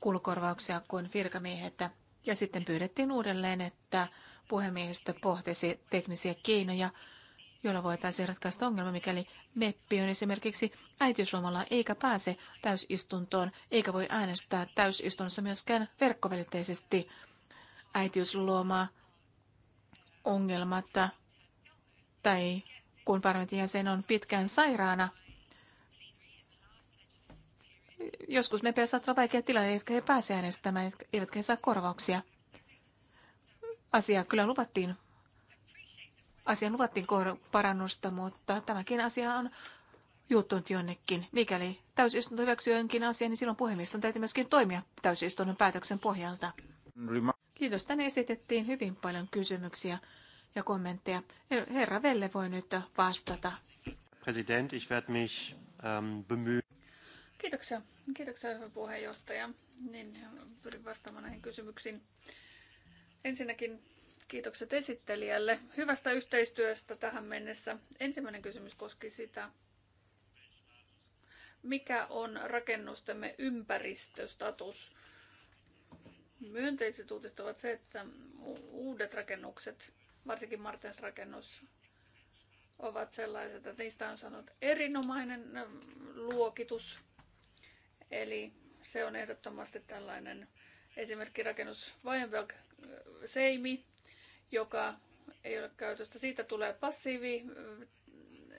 kulukorvauksia kuin virkamiehet. Ja sitten pyydettiin uudelleen, että puhemiehistö pohtisi teknisiä keinoja, jolla voitaisiin ratkaista ongelma, mikäli meppi on esimerkiksi äitiyslomalla eikä pääse täysistuntoon, eikä voi äänestää täysistunnossa myöskään verkkovälitteisesti äitiyslomaa ongelmatta tai kun parlamentin jäsen on pitkään sairaana. Joskus me saattaa olla vaikea tilanne, jotka he pääse äänestämään, eivätkä he saa korvauksia. Asia kyllä luvattiin Asian luvattiin parannusta, mutta tämäkin asia on juuttunut jonnekin. Mikäli täysistunto hyväksyy jonkin asian, niin silloin puhemiston täytyy myöskin toimia täysistunnon päätöksen pohjalta. Kiitos. Tänne esitettiin hyvin paljon kysymyksiä ja kommentteja. Herra Velle voi nyt vastata. President, ich werde mich ähm, bemühen. Kiitoksia. Kiitoksia, hyvä puheenjohtaja. Niin, pyrin vastaamaan näihin kysymyksiin. Ensinnäkin Kiitokset esittelijälle hyvästä yhteistyöstä tähän mennessä. Ensimmäinen kysymys koski sitä, mikä on rakennustemme ympäristöstatus. Myönteiset uutiset ovat se, että uudet rakennukset, varsinkin Martens rakennus, ovat sellaiset, että niistä on sanonut erinomainen luokitus. Eli se on ehdottomasti tällainen esimerkki rakennus Weinberg Seimi, joka ei ole käytöstä. Siitä tulee passiivi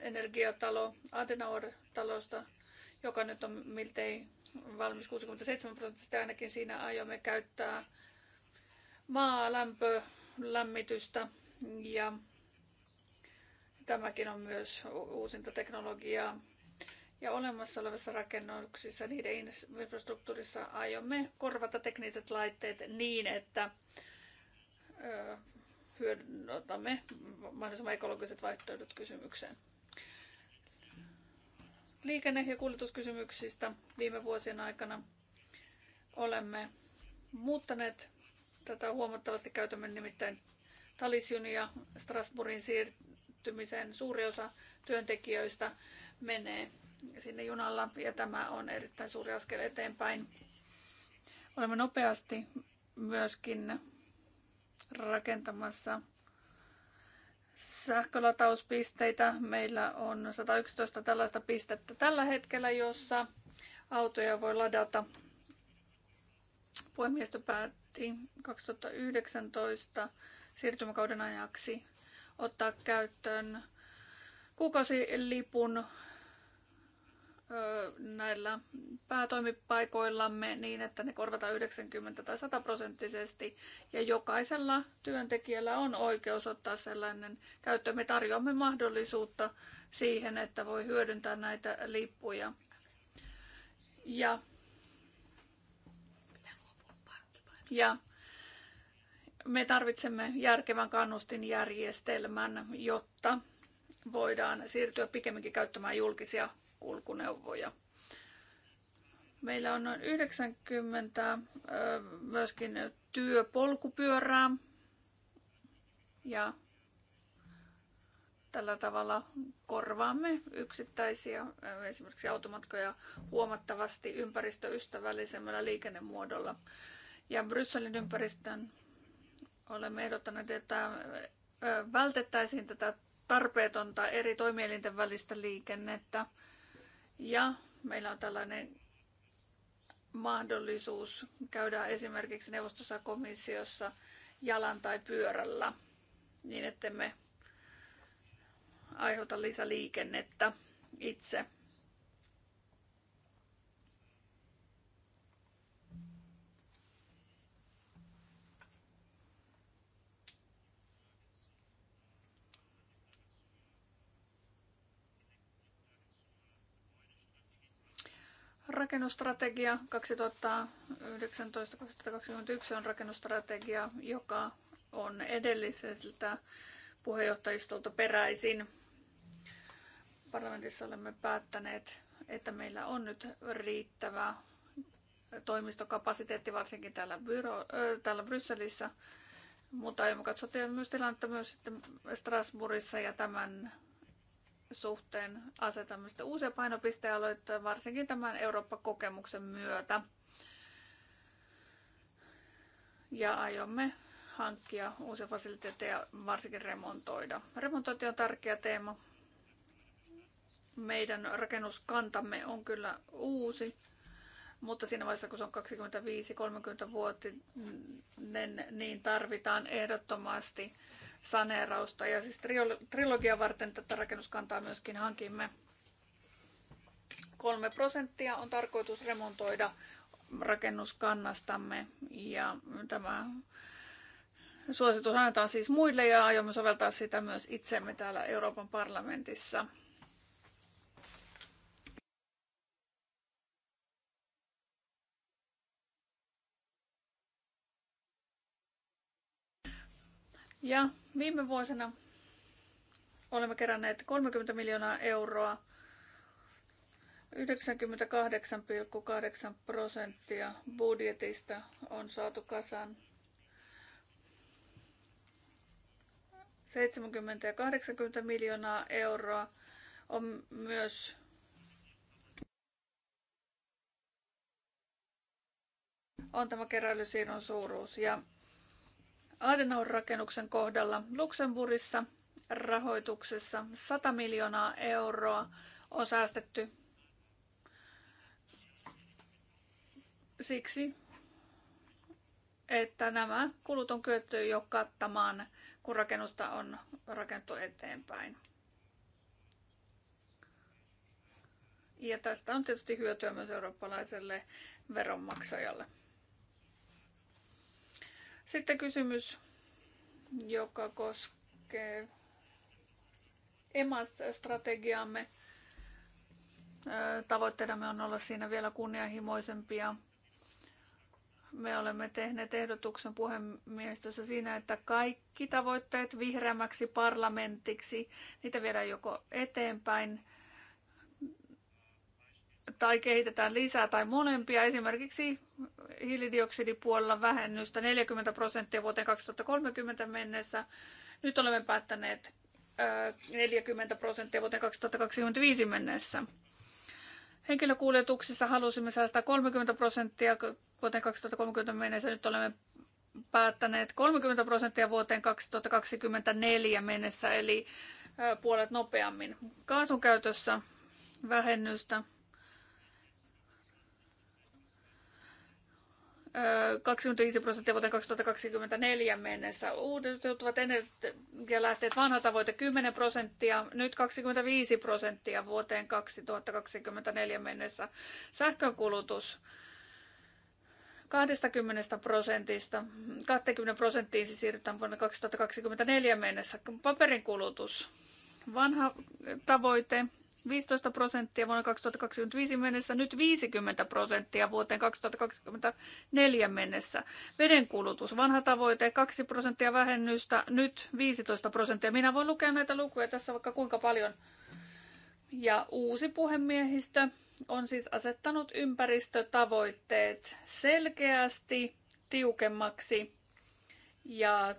energiatalo Adenauer-talosta, joka nyt on miltei valmis 67 prosenttia ainakin siinä aiomme käyttää maalämpölämmitystä ja tämäkin on myös uusinta teknologiaa. Ja olemassa olevissa rakennuksissa, niiden infrastruktuurissa aiomme korvata tekniset laitteet niin, että otamme mahdollisimman ekologiset vaihtoehdot kysymykseen. Liikenne- ja kuljetuskysymyksistä viime vuosien aikana olemme muuttaneet tätä huomattavasti. Käytämme nimittäin Talisjunia Strasbourgin siirtymiseen. Suuri osa työntekijöistä menee sinne junalla ja tämä on erittäin suuri askel eteenpäin. Olemme nopeasti myöskin rakentamassa sähkölatauspisteitä. Meillä on 111 tällaista pistettä tällä hetkellä, jossa autoja voi ladata. Puhemiesto päätti 2019 siirtymäkauden ajaksi ottaa käyttöön kuukausilipun näillä päätoimipaikoillamme niin, että ne korvataan 90 tai 100 prosenttisesti. Ja jokaisella työntekijällä on oikeus ottaa sellainen käyttö. Me tarjoamme mahdollisuutta siihen, että voi hyödyntää näitä lippuja. Ja, ja me tarvitsemme järkevän kannustinjärjestelmän, jotta voidaan siirtyä pikemminkin käyttämään julkisia kulkuneuvoja. Meillä on noin 90 myöskin työpolkupyörää ja tällä tavalla korvaamme yksittäisiä esimerkiksi automatkoja huomattavasti ympäristöystävällisemmällä liikennemuodolla. Ja Brysselin ympäristön olemme ehdottaneet, että vältettäisiin tätä tarpeetonta eri toimielinten välistä liikennettä ja meillä on tällainen mahdollisuus käydä esimerkiksi neuvostossa komissiossa jalan tai pyörällä niin, että me aiheuta lisäliikennettä itse. Rakennusstrategia 2019-2021 on rakennusstrategia, joka on edelliseltä puheenjohtajistolta peräisin. Parlamentissa olemme päättäneet, että meillä on nyt riittävä toimistokapasiteetti, varsinkin täällä, byro, äh, täällä Brysselissä, mutta aiomme katsoa myös tilannetta myös sitten Strasbourgissa ja tämän suhteen asetamista uusia painopistealueita, varsinkin tämän Eurooppa-kokemuksen myötä. Ja aiomme hankkia uusia fasiliteetteja, varsinkin remontoida. Remontointi on tärkeä teema. Meidän rakennuskantamme on kyllä uusi, mutta siinä vaiheessa kun se on 25-30-vuotinen, niin tarvitaan ehdottomasti saneerausta. Ja siis trilogia varten tätä rakennuskantaa myöskin hankimme. Kolme prosenttia on tarkoitus remontoida rakennuskannastamme ja tämä suositus annetaan siis muille ja aiomme soveltaa sitä myös itsemme täällä Euroopan parlamentissa. Ja viime vuosina olemme keränneet 30 miljoonaa euroa, 98,8 prosenttia budjetista on saatu kasaan 70 ja 80 miljoonaa euroa on myös on tämä keräilysiirron suuruus. Ja Adenauer-rakennuksen kohdalla Luxemburgissa rahoituksessa 100 miljoonaa euroa on säästetty siksi, että nämä kulut on kyetty jo kattamaan, kun rakennusta on rakennettu eteenpäin. Ja tästä on tietysti hyötyä myös eurooppalaiselle veronmaksajalle. Sitten kysymys, joka koskee EMAS-strategiaamme. Tavoitteenamme on olla siinä vielä kunnianhimoisempia. Me olemme tehneet ehdotuksen puhemiehistössä siinä, että kaikki tavoitteet vihreämmäksi parlamentiksi, niitä viedään joko eteenpäin – tai kehitetään lisää tai molempia. Esimerkiksi hiilidioksidipuolella vähennystä 40 prosenttia vuoteen 2030 mennessä. Nyt olemme päättäneet 40 prosenttia vuoteen 2025 mennessä. Henkilökuljetuksissa halusimme säästää 30 prosenttia vuoteen 2030 mennessä. Nyt olemme päättäneet 30 prosenttia vuoteen 2024 mennessä, eli puolet nopeammin. Kaasun käytössä vähennystä 25 prosenttia vuoteen 2024 mennessä. Uudistuvat energialähteet, vanha tavoite 10 prosenttia, nyt 25 prosenttia vuoteen 2024 mennessä. Sähkönkulutus 20 prosentista 20 prosenttiin siis siirrytään vuonna 2024 mennessä. Paperin kulutus, vanha tavoite 15 prosenttia vuonna 2025 mennessä, nyt 50 prosenttia vuoteen 2024 mennessä. Vedenkulutus, vanha tavoite, 2 prosenttia vähennystä, nyt 15 prosenttia. Minä voin lukea näitä lukuja tässä vaikka kuinka paljon. Ja uusi puhemiehistö on siis asettanut ympäristötavoitteet selkeästi tiukemmaksi ja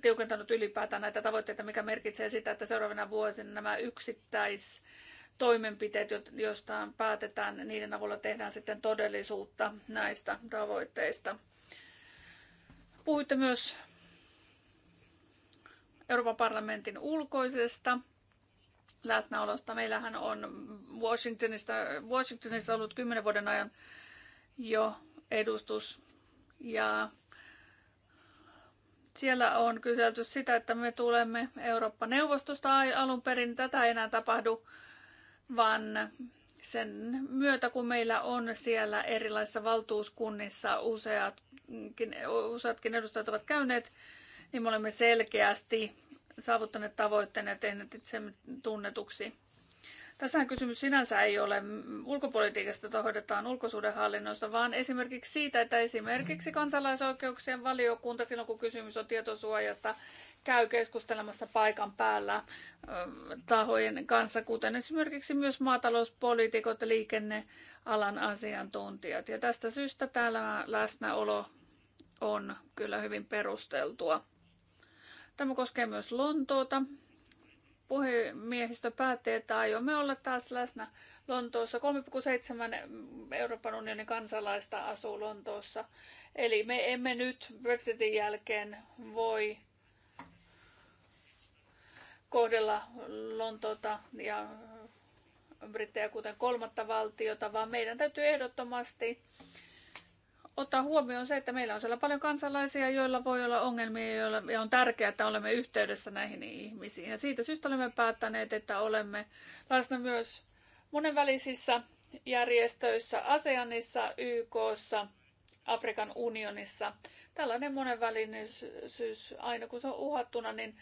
tiukentanut ylipäätään näitä tavoitteita, mikä merkitsee sitä, että seuraavina vuosina nämä yksittäis toimenpiteet, joista päätetään, niiden avulla tehdään sitten todellisuutta näistä tavoitteista. Puhuitte myös Euroopan parlamentin ulkoisesta läsnäolosta. Meillähän on Washingtonista, Washingtonissa ollut kymmenen vuoden ajan jo edustus ja siellä on kyselty sitä, että me tulemme Eurooppa-neuvostosta alun perin. Tätä ei enää tapahdu, vaan sen myötä, kun meillä on siellä erilaisissa valtuuskunnissa useatkin, useatkin edustajat ovat käyneet, niin me olemme selkeästi saavuttaneet tavoitteen ja tehneet itsemme tunnetuksi. Tässähän kysymys sinänsä ei ole ulkopolitiikasta, jota hoidetaan ulkosuhdehallinnosta, vaan esimerkiksi siitä, että esimerkiksi kansalaisoikeuksien valiokunta, silloin kun kysymys on tietosuojasta, käy keskustelemassa paikan päällä tahojen kanssa, kuten esimerkiksi myös maatalouspoliitikot ja liikennealan asiantuntijat. Ja tästä syystä täällä läsnäolo on kyllä hyvin perusteltua. Tämä koskee myös Lontoota puhemiehistö päätti, että aiomme olla taas läsnä Lontoossa. 3,7 Euroopan unionin kansalaista asuu Lontoossa. Eli me emme nyt Brexitin jälkeen voi kohdella Lontoota ja brittejä kuten kolmatta valtiota, vaan meidän täytyy ehdottomasti ottaa huomioon se, että meillä on siellä paljon kansalaisia, joilla voi olla ongelmia joilla, ja on tärkeää, että olemme yhteydessä näihin ihmisiin. Ja siitä syystä olemme päättäneet, että olemme läsnä myös monenvälisissä järjestöissä, ASEANissa, YKssa, Afrikan unionissa. Tällainen monenvälisyys, aina kun se on uhattuna, niin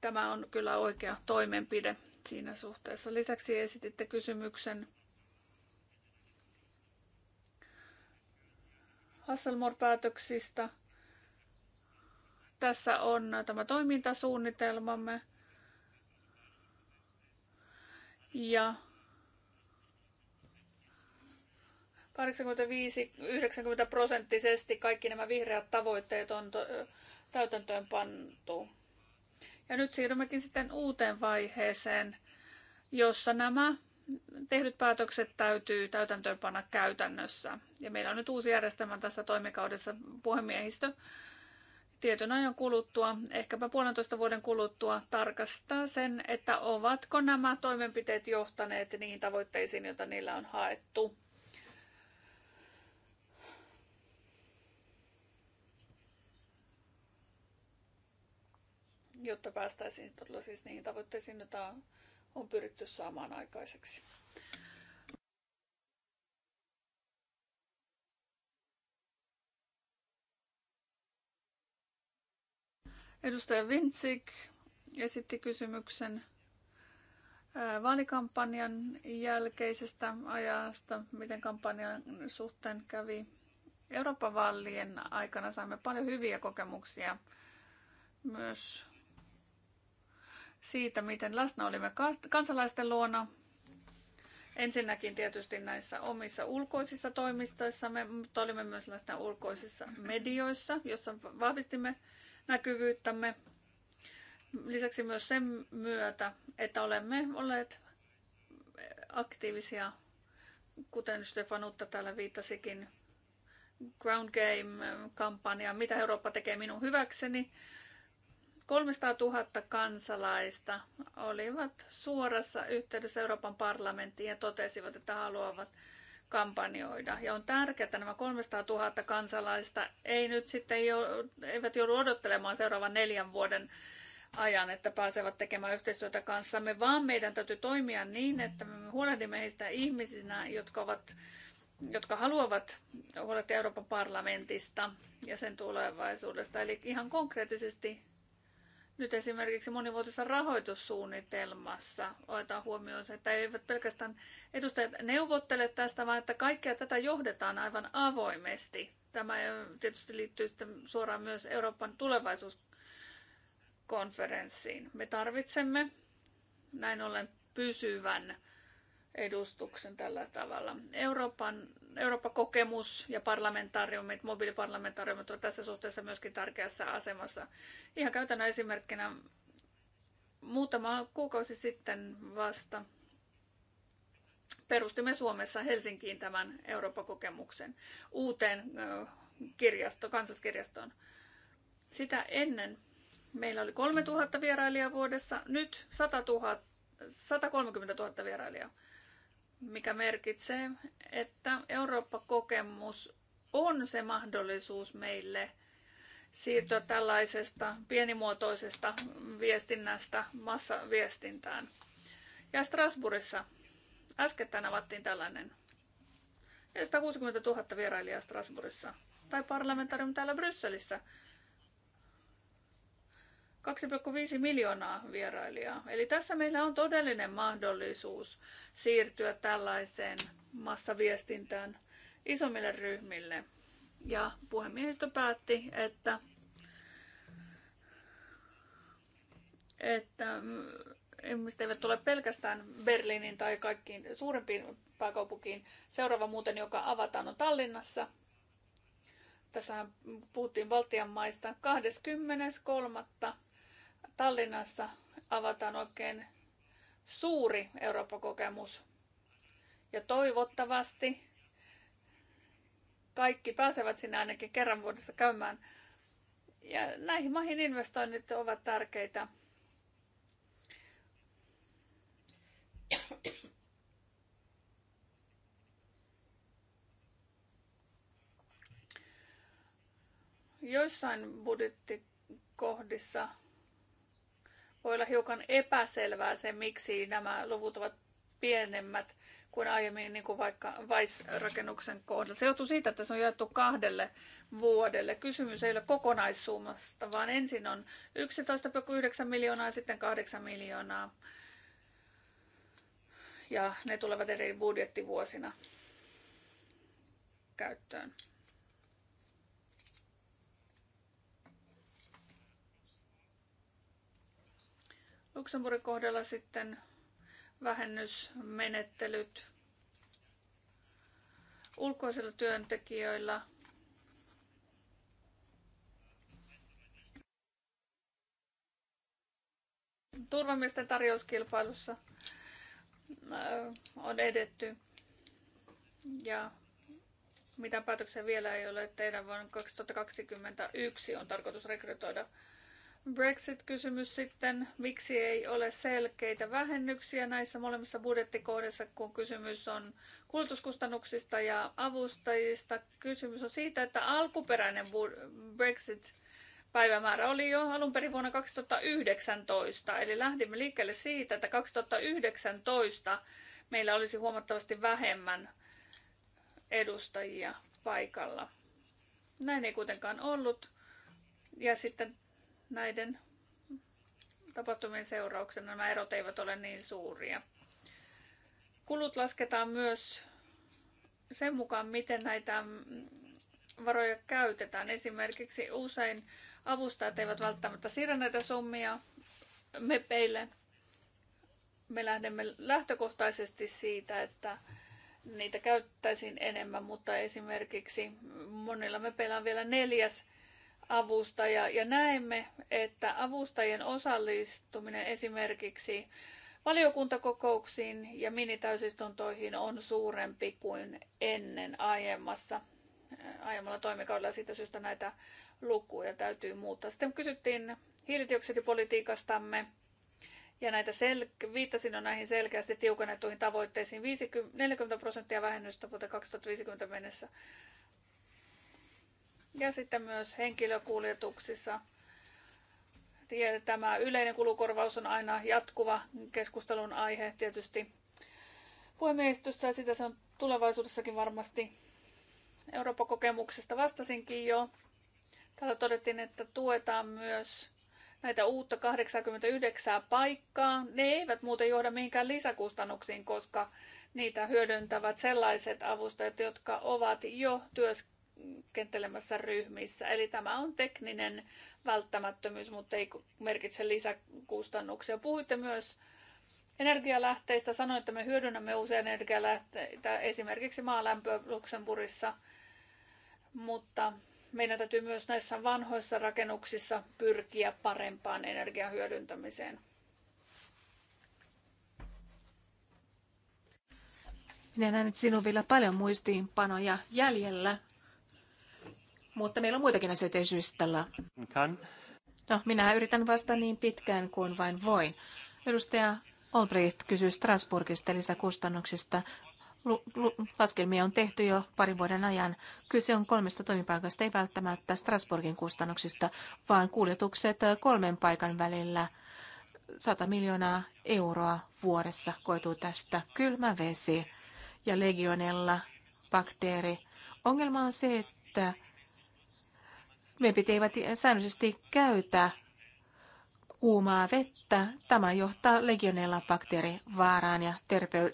tämä on kyllä oikea toimenpide siinä suhteessa. Lisäksi esititte kysymyksen hasselmoor päätöksistä Tässä on tämä toimintasuunnitelmamme. Ja 85-90 prosenttisesti kaikki nämä vihreät tavoitteet on täytäntöön pantu. Ja nyt siirrymmekin sitten uuteen vaiheeseen, jossa nämä tehdyt päätökset täytyy täytäntöönpanna käytännössä. Ja meillä on nyt uusi järjestelmä tässä toimikaudessa puhemiehistö tietyn ajan kuluttua, ehkäpä puolentoista vuoden kuluttua, tarkastaa sen, että ovatko nämä toimenpiteet johtaneet niihin tavoitteisiin, joita niillä on haettu. Jotta päästäisiin todella siis niihin tavoitteisiin, joita on pyritty saamaan aikaiseksi. Edustaja Vintsik esitti kysymyksen vaalikampanjan jälkeisestä ajasta, miten kampanjan suhteen kävi. Euroopan vaalien aikana saimme paljon hyviä kokemuksia myös siitä, miten läsnä olimme kansalaisten luona. Ensinnäkin tietysti näissä omissa ulkoisissa toimistoissamme, mutta olimme myös läsnä ulkoisissa medioissa, jossa vahvistimme näkyvyyttämme. Lisäksi myös sen myötä, että olemme olleet aktiivisia, kuten Stefan Utta täällä viittasikin, Ground Game-kampanja, mitä Eurooppa tekee minun hyväkseni, 300 000 kansalaista olivat suorassa yhteydessä Euroopan parlamenttiin ja totesivat, että haluavat kampanjoida. Ja on tärkeää, että nämä 300 000 kansalaista ei nyt sitten jo, eivät joudu odottelemaan seuraavan neljän vuoden ajan, että pääsevät tekemään yhteistyötä kanssamme, vaan meidän täytyy toimia niin, että me huolehdimme heistä ihmisinä, jotka ovat jotka haluavat huolehtia Euroopan parlamentista ja sen tulevaisuudesta. Eli ihan konkreettisesti nyt esimerkiksi monivuotisessa rahoitussuunnitelmassa otetaan huomioon se, että eivät pelkästään edustajat neuvottele tästä, vaan että kaikkea tätä johdetaan aivan avoimesti. Tämä eh, tietysti liittyy sitten suoraan myös Euroopan tulevaisuuskonferenssiin. Me tarvitsemme näin ollen pysyvän edustuksen tällä tavalla. Euroopan, Eurooppa-kokemus ja parlamentaariumit, mobiiliparlamentaariumit ovat tässä suhteessa myöskin tärkeässä asemassa. Ihan käytännön esimerkkinä muutama kuukausi sitten vasta perustimme Suomessa Helsinkiin tämän Eurooppa-kokemuksen uuteen kirjasto, kansaskirjastoon. Sitä ennen meillä oli 3000 vierailijaa vuodessa, nyt 100 000, 130 000 vierailijaa mikä merkitsee, että Eurooppa-kokemus on se mahdollisuus meille siirtyä tällaisesta pienimuotoisesta viestinnästä massaviestintään. Ja Strasbourgissa äskettäin avattiin tällainen. 160 000 vierailijaa Strasbourgissa. Tai parlamentarium täällä Brysselissä, 2,5 miljoonaa vierailijaa. Eli tässä meillä on todellinen mahdollisuus siirtyä tällaiseen massaviestintään isommille ryhmille. Ja puhemiehistö päätti, että, että mm, ihmiset eivät tule pelkästään Berliinin tai kaikkiin suurempiin pääkaupunkiin. Seuraava muuten, joka avataan, on Tallinnassa. Tässähän puhuttiin Baltian maista 23. Tallinnassa avataan oikein suuri Eurooppa-kokemus. Ja toivottavasti kaikki pääsevät sinne ainakin kerran vuodessa käymään. Ja näihin maihin investoinnit ovat tärkeitä. Joissain budjettikohdissa voi olla hiukan epäselvää se, miksi nämä luvut ovat pienemmät kuin aiemmin niin kuin vaikka VAIS-rakennuksen kohdalla. Se johtuu siitä, että se on jaettu kahdelle vuodelle. Kysymys ei ole kokonaissummasta, vaan ensin on 11,9 miljoonaa ja sitten 8 miljoonaa. Ja ne tulevat eri budjettivuosina käyttöön. Luxemburgin kohdalla sitten vähennysmenettelyt ulkoisilla työntekijöillä. Turvamiesten tarjouskilpailussa äh, on edetty ja mitä päätöksiä vielä ei ole. Teidän vuonna 2021 on tarkoitus rekrytoida Brexit-kysymys sitten, miksi ei ole selkeitä vähennyksiä näissä molemmissa budjettikohdissa, kun kysymys on kulutuskustannuksista ja avustajista. Kysymys on siitä, että alkuperäinen Brexit Päivämäärä oli jo alun perin vuonna 2019, eli lähdimme liikkeelle siitä, että 2019 meillä olisi huomattavasti vähemmän edustajia paikalla. Näin ei kuitenkaan ollut. Ja sitten näiden tapahtumien seurauksena nämä erot eivät ole niin suuria. Kulut lasketaan myös sen mukaan, miten näitä varoja käytetään. Esimerkiksi usein avustajat eivät välttämättä siirrä näitä summia mepeille. Me lähdemme lähtökohtaisesti siitä, että niitä käyttäisiin enemmän, mutta esimerkiksi monilla mepeillä on vielä neljäs avustaja ja näemme, että avustajien osallistuminen esimerkiksi valiokuntakokouksiin ja minitäysistuntoihin on suurempi kuin ennen aiemmassa, äh, aiemmalla toimikaudella. Siitä syystä näitä lukuja täytyy muuttaa. Sitten kysyttiin hiilidioksidipolitiikastamme ja näitä sel- viittasin on näihin selkeästi tiukennettuihin tavoitteisiin 50, 40 prosenttia vähennystä vuoteen 2050 mennessä ja sitten myös henkilökuljetuksissa. Tämä yleinen kulukorvaus on aina jatkuva keskustelun aihe tietysti puhemiehistössä ja sitä se on tulevaisuudessakin varmasti. Euroopan kokemuksesta vastasinkin jo. Täällä todettiin, että tuetaan myös näitä uutta 89 paikkaa. Ne eivät muuten johda mihinkään lisäkustannuksiin, koska niitä hyödyntävät sellaiset avustajat, jotka ovat jo työskennelleet työskentelemässä ryhmissä. Eli tämä on tekninen välttämättömyys, mutta ei merkitse lisäkustannuksia. Puhuitte myös energialähteistä. Sanoin, että me hyödynnämme uusia energialähteitä, esimerkiksi maalämpöä Luxemburissa, mutta meidän täytyy myös näissä vanhoissa rakennuksissa pyrkiä parempaan energian hyödyntämiseen. Minä näen, että sinun vielä paljon muistiinpanoja jäljellä mutta meillä on muitakin asioita esimerkiksi No, minä yritän vastata niin pitkään kuin vain voin. Edustaja Olbricht kysyi Strasbourgista lisäkustannuksista. Laskelmia on tehty jo parin vuoden ajan. Kyse on kolmesta toimipaikasta, ei välttämättä Strasbourgin kustannuksista, vaan kuljetukset kolmen paikan välillä. 100 miljoonaa euroa vuodessa koituu tästä kylmä vesi ja legionella bakteeri. Ongelma on se, että me eivät säännöllisesti käytä kuumaa vettä. Tämä johtaa legionella bakteerivaaraan ja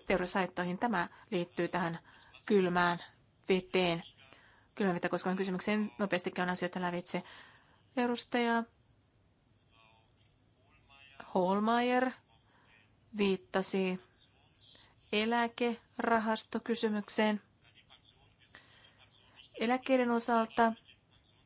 terveyshaittoihin. Tämä liittyy tähän kylmään veteen. Kylmää vettä koskevan kysymykseen nopeasti käyn asioita lävitse. Edustaja Holmeier viittasi eläkerahastokysymykseen. Eläkkeiden osalta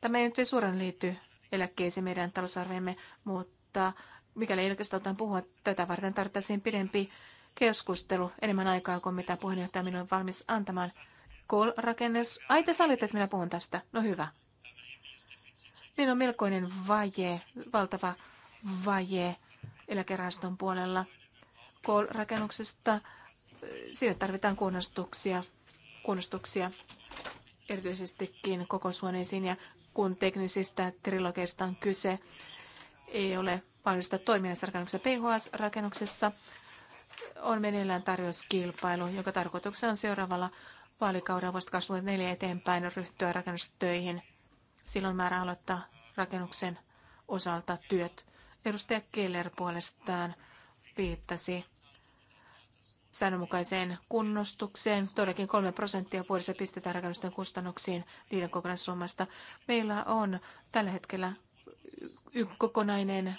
Tämä ei nyt ei suoraan liity eläkkeeseen meidän talousarveemme, mutta mikäli ei oikeastaan puhua, tätä varten tarvittaisiin pidempi keskustelu, enemmän aikaa kuin mitä puheenjohtaja minulle on valmis antamaan. kol rakennus Ai te sallitte, että minä puhun tästä. No hyvä. Meillä on melkoinen vaje, valtava vaje eläkerahaston puolella. kol rakennuksesta eh, sille tarvitaan kunnostuksia, kunnostuksia erityisestikin kokoushuoneisiin ja kun teknisistä trilogeista on kyse. Ei ole mahdollista toimia rakennuksessa PHS-rakennuksessa. On meneillään tarjouskilpailu, joka tarkoituksena on seuraavalla vaalikaudella vuodesta 2024 eteenpäin ryhtyä rakennustöihin. Silloin määrä aloittaa rakennuksen osalta työt. Edustaja Keller puolestaan viittasi säännönmukaiseen kunnostukseen. Todellakin 3 prosenttia vuodessa pistetään rakennusten kustannuksiin niiden kokonaissummasta. Meillä on tällä hetkellä y- kokonainen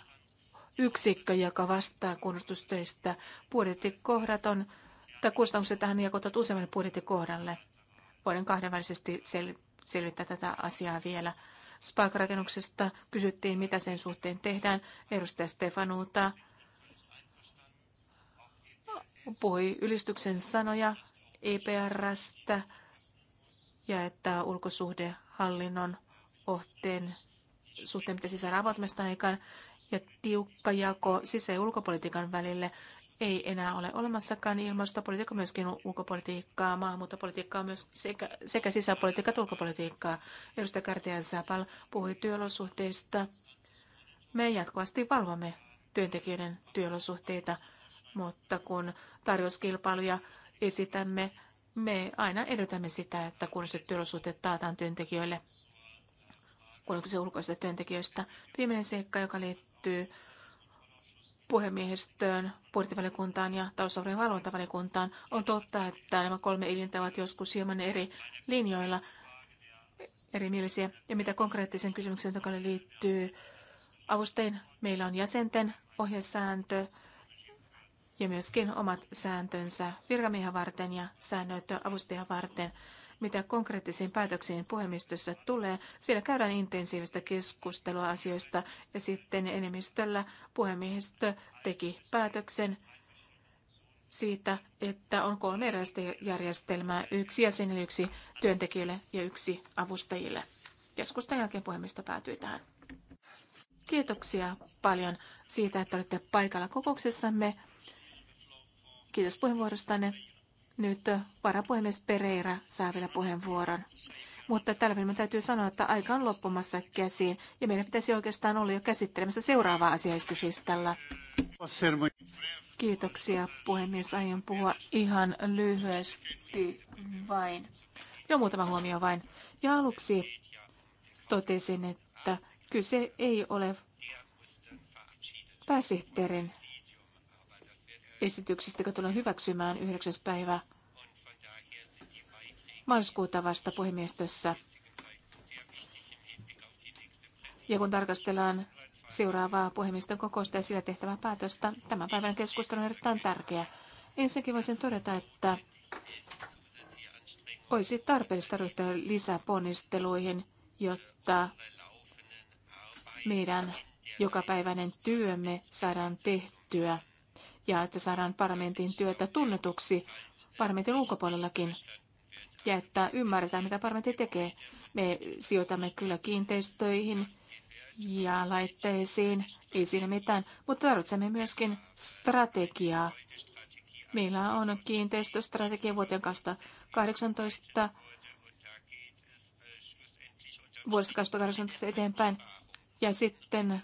yksikkö, joka vastaa kunnostustöistä. Budjettikohdat on, tai kustannukset tähän jakotat useamman budjettikohdalle. Voin kahdenvälisesti sel- selvittää tätä asiaa vielä. Spark-rakennuksesta kysyttiin, mitä sen suhteen tehdään. Edustaja Stefanuuta puhui ylistyksen sanoja EPRstä ja että ulkosuhdehallinnon ohteen suhteen pitäisi siis saada avoimesta aikaan ja tiukka jako sisä- ja ulkopolitiikan välille ei enää ole olemassakaan. Ilmastopolitiikka myöskin ulkopolitiikkaa, maahanmuuttopolitiikkaa myös sekä, sekä sisäpolitiikkaa että ulkopolitiikkaa. Edustaja Kärtiän Zapal puhui työolosuhteista. Me jatkuvasti valvomme työntekijöiden työolosuhteita mutta kun tarjouskilpailuja esitämme, me aina edellytämme sitä, että kun se työolosuhteet taataan työntekijöille, kun se ulkoista työntekijöistä. Viimeinen seikka, joka liittyy puhemiehistöön, budjettivalikuntaan ja talousarvojen valvontavaliokuntaan, on totta, että nämä kolme elintä ovat joskus hieman eri linjoilla, erimielisiä. Ja mitä konkreettisen kysymyksen, joka liittyy avustein, meillä on jäsenten ohjesääntö, ja myöskin omat sääntönsä virkamiehen varten ja säännöt varten. Mitä konkreettisiin päätöksiin puhemistossa tulee, siellä käydään intensiivistä keskustelua asioista ja sitten enemmistöllä puhemiehistö teki päätöksen siitä, että on kolme erilaista järjestelmää, yksi jäsenille, yksi työntekijälle ja yksi avustajille. Keskustelun jälkeen puhemista päätyi tähän. Kiitoksia paljon siitä, että olette paikalla kokouksessamme. Kiitos puheenvuorostanne. Nyt varapuhemies Pereira saa vielä puheenvuoron. Mutta tällä minun täytyy sanoa, että aika on loppumassa käsiin ja meidän pitäisi oikeastaan olla jo käsittelemässä seuraavaa asiaistusistalla. Kiitoksia puhemies. Aion puhua ihan lyhyesti vain. Joo, muutama huomio vain. Ja aluksi totesin, että kyse ei ole pääsihteerin esityksestä, joka tullaan hyväksymään 9. päivä maaliskuuta vasta puhemiestössä. Ja kun tarkastellaan seuraavaa puhemiestön kokousta ja sillä tehtävää päätöstä, tämän päivän keskustelu on erittäin tärkeä. Ensinnäkin voisin todeta, että olisi tarpeellista ryhtyä lisäponnisteluihin, jotta meidän jokapäiväinen työmme saadaan tehtyä ja että saadaan parlamentin työtä tunnetuksi parlamentin ulkopuolellakin ja että ymmärretään, mitä parlamentti tekee. Me sijoitamme kyllä kiinteistöihin ja laitteisiin, ei siinä mitään, mutta tarvitsemme myöskin strategiaa. Meillä on kiinteistöstrategia vuoteen 2018 vuodesta 2018 eteenpäin ja sitten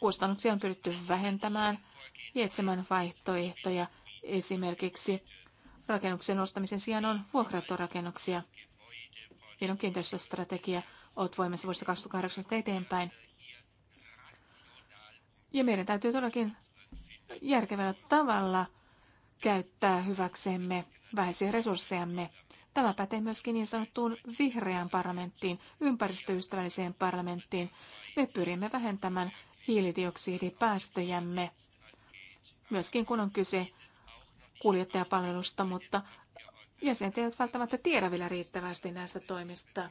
kustannuksia on pyritty vähentämään – etsimään vaihtoehtoja. Esimerkiksi rakennuksen ostamisen sijaan on vuokrattorakennuksia. Viron kiinteistöstrategia on voimassa vuodesta 2018 eteenpäin. Ja meidän täytyy todellakin järkevällä tavalla käyttää hyväksemme vähäisiä resurssejamme. Tämä pätee myöskin niin sanottuun vihreään parlamenttiin, ympäristöystävälliseen parlamenttiin. Me pyrimme vähentämään hiilidioksidipäästöjämme myöskin kun on kyse kuljettajapalvelusta, mutta jäsenet eivät välttämättä tiedä vielä riittävästi näistä toimista.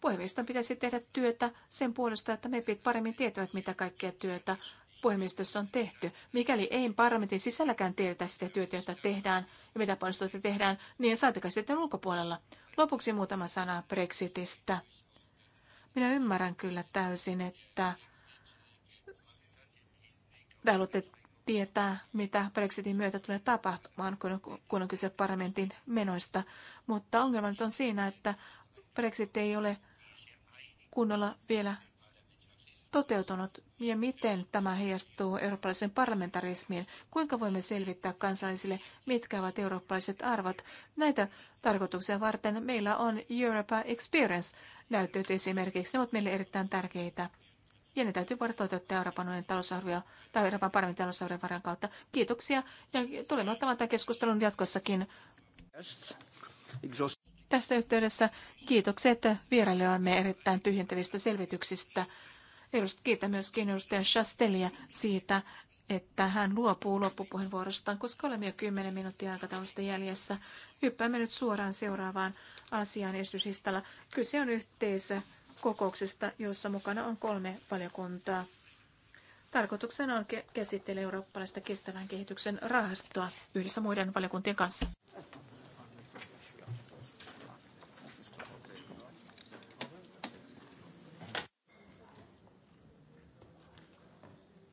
Puhemiston pitäisi tehdä työtä sen puolesta, että mepit paremmin tietävät, mitä kaikkea työtä puhemistossa on tehty. Mikäli ei parlamentin sisälläkään tiedetä sitä työtä, jota tehdään ja mitä ponnisteluita tehdään, niin saatteko sitten ulkopuolella. Lopuksi muutama sana Brexitistä. Minä ymmärrän kyllä täysin, että te haluatte tietää, mitä Brexitin myötä tulee tapahtumaan, kun, kun on kyse parlamentin menoista. Mutta ongelma nyt on siinä, että Brexit ei ole kunnolla vielä toteutunut ja miten tämä heijastuu eurooppalaisen parlamentarismiin? Kuinka voimme selvittää kansalaisille, mitkä ovat eurooppalaiset arvot? Näitä tarkoituksia varten meillä on Europa Experience näyttöt esimerkiksi. Ne ovat meille erittäin tärkeitä ja ne täytyy voida toteuttaa Euroopan unionin talousarvio tai Euroopan paremmin talousarvion varan kautta. Kiitoksia ja tulemme ottamaan tämän keskustelun jatkossakin. Tässä yhteydessä kiitokset vierailijoille erittäin tyhjentävistä selvityksistä. Kiitän myöskin edustaja Chastelia siitä, että hän luopuu loppupuheenvuorostaan, koska olemme jo 10 minuuttia aikataulusta jäljessä. Hyppäämme nyt suoraan seuraavaan asiaan esityslistalla. Kyse on yhteisö kokouksesta, jossa mukana on kolme valiokuntaa. Tarkoituksena on käsitellä eurooppalaista kestävän kehityksen rahastoa yhdessä muiden valiokuntien kanssa.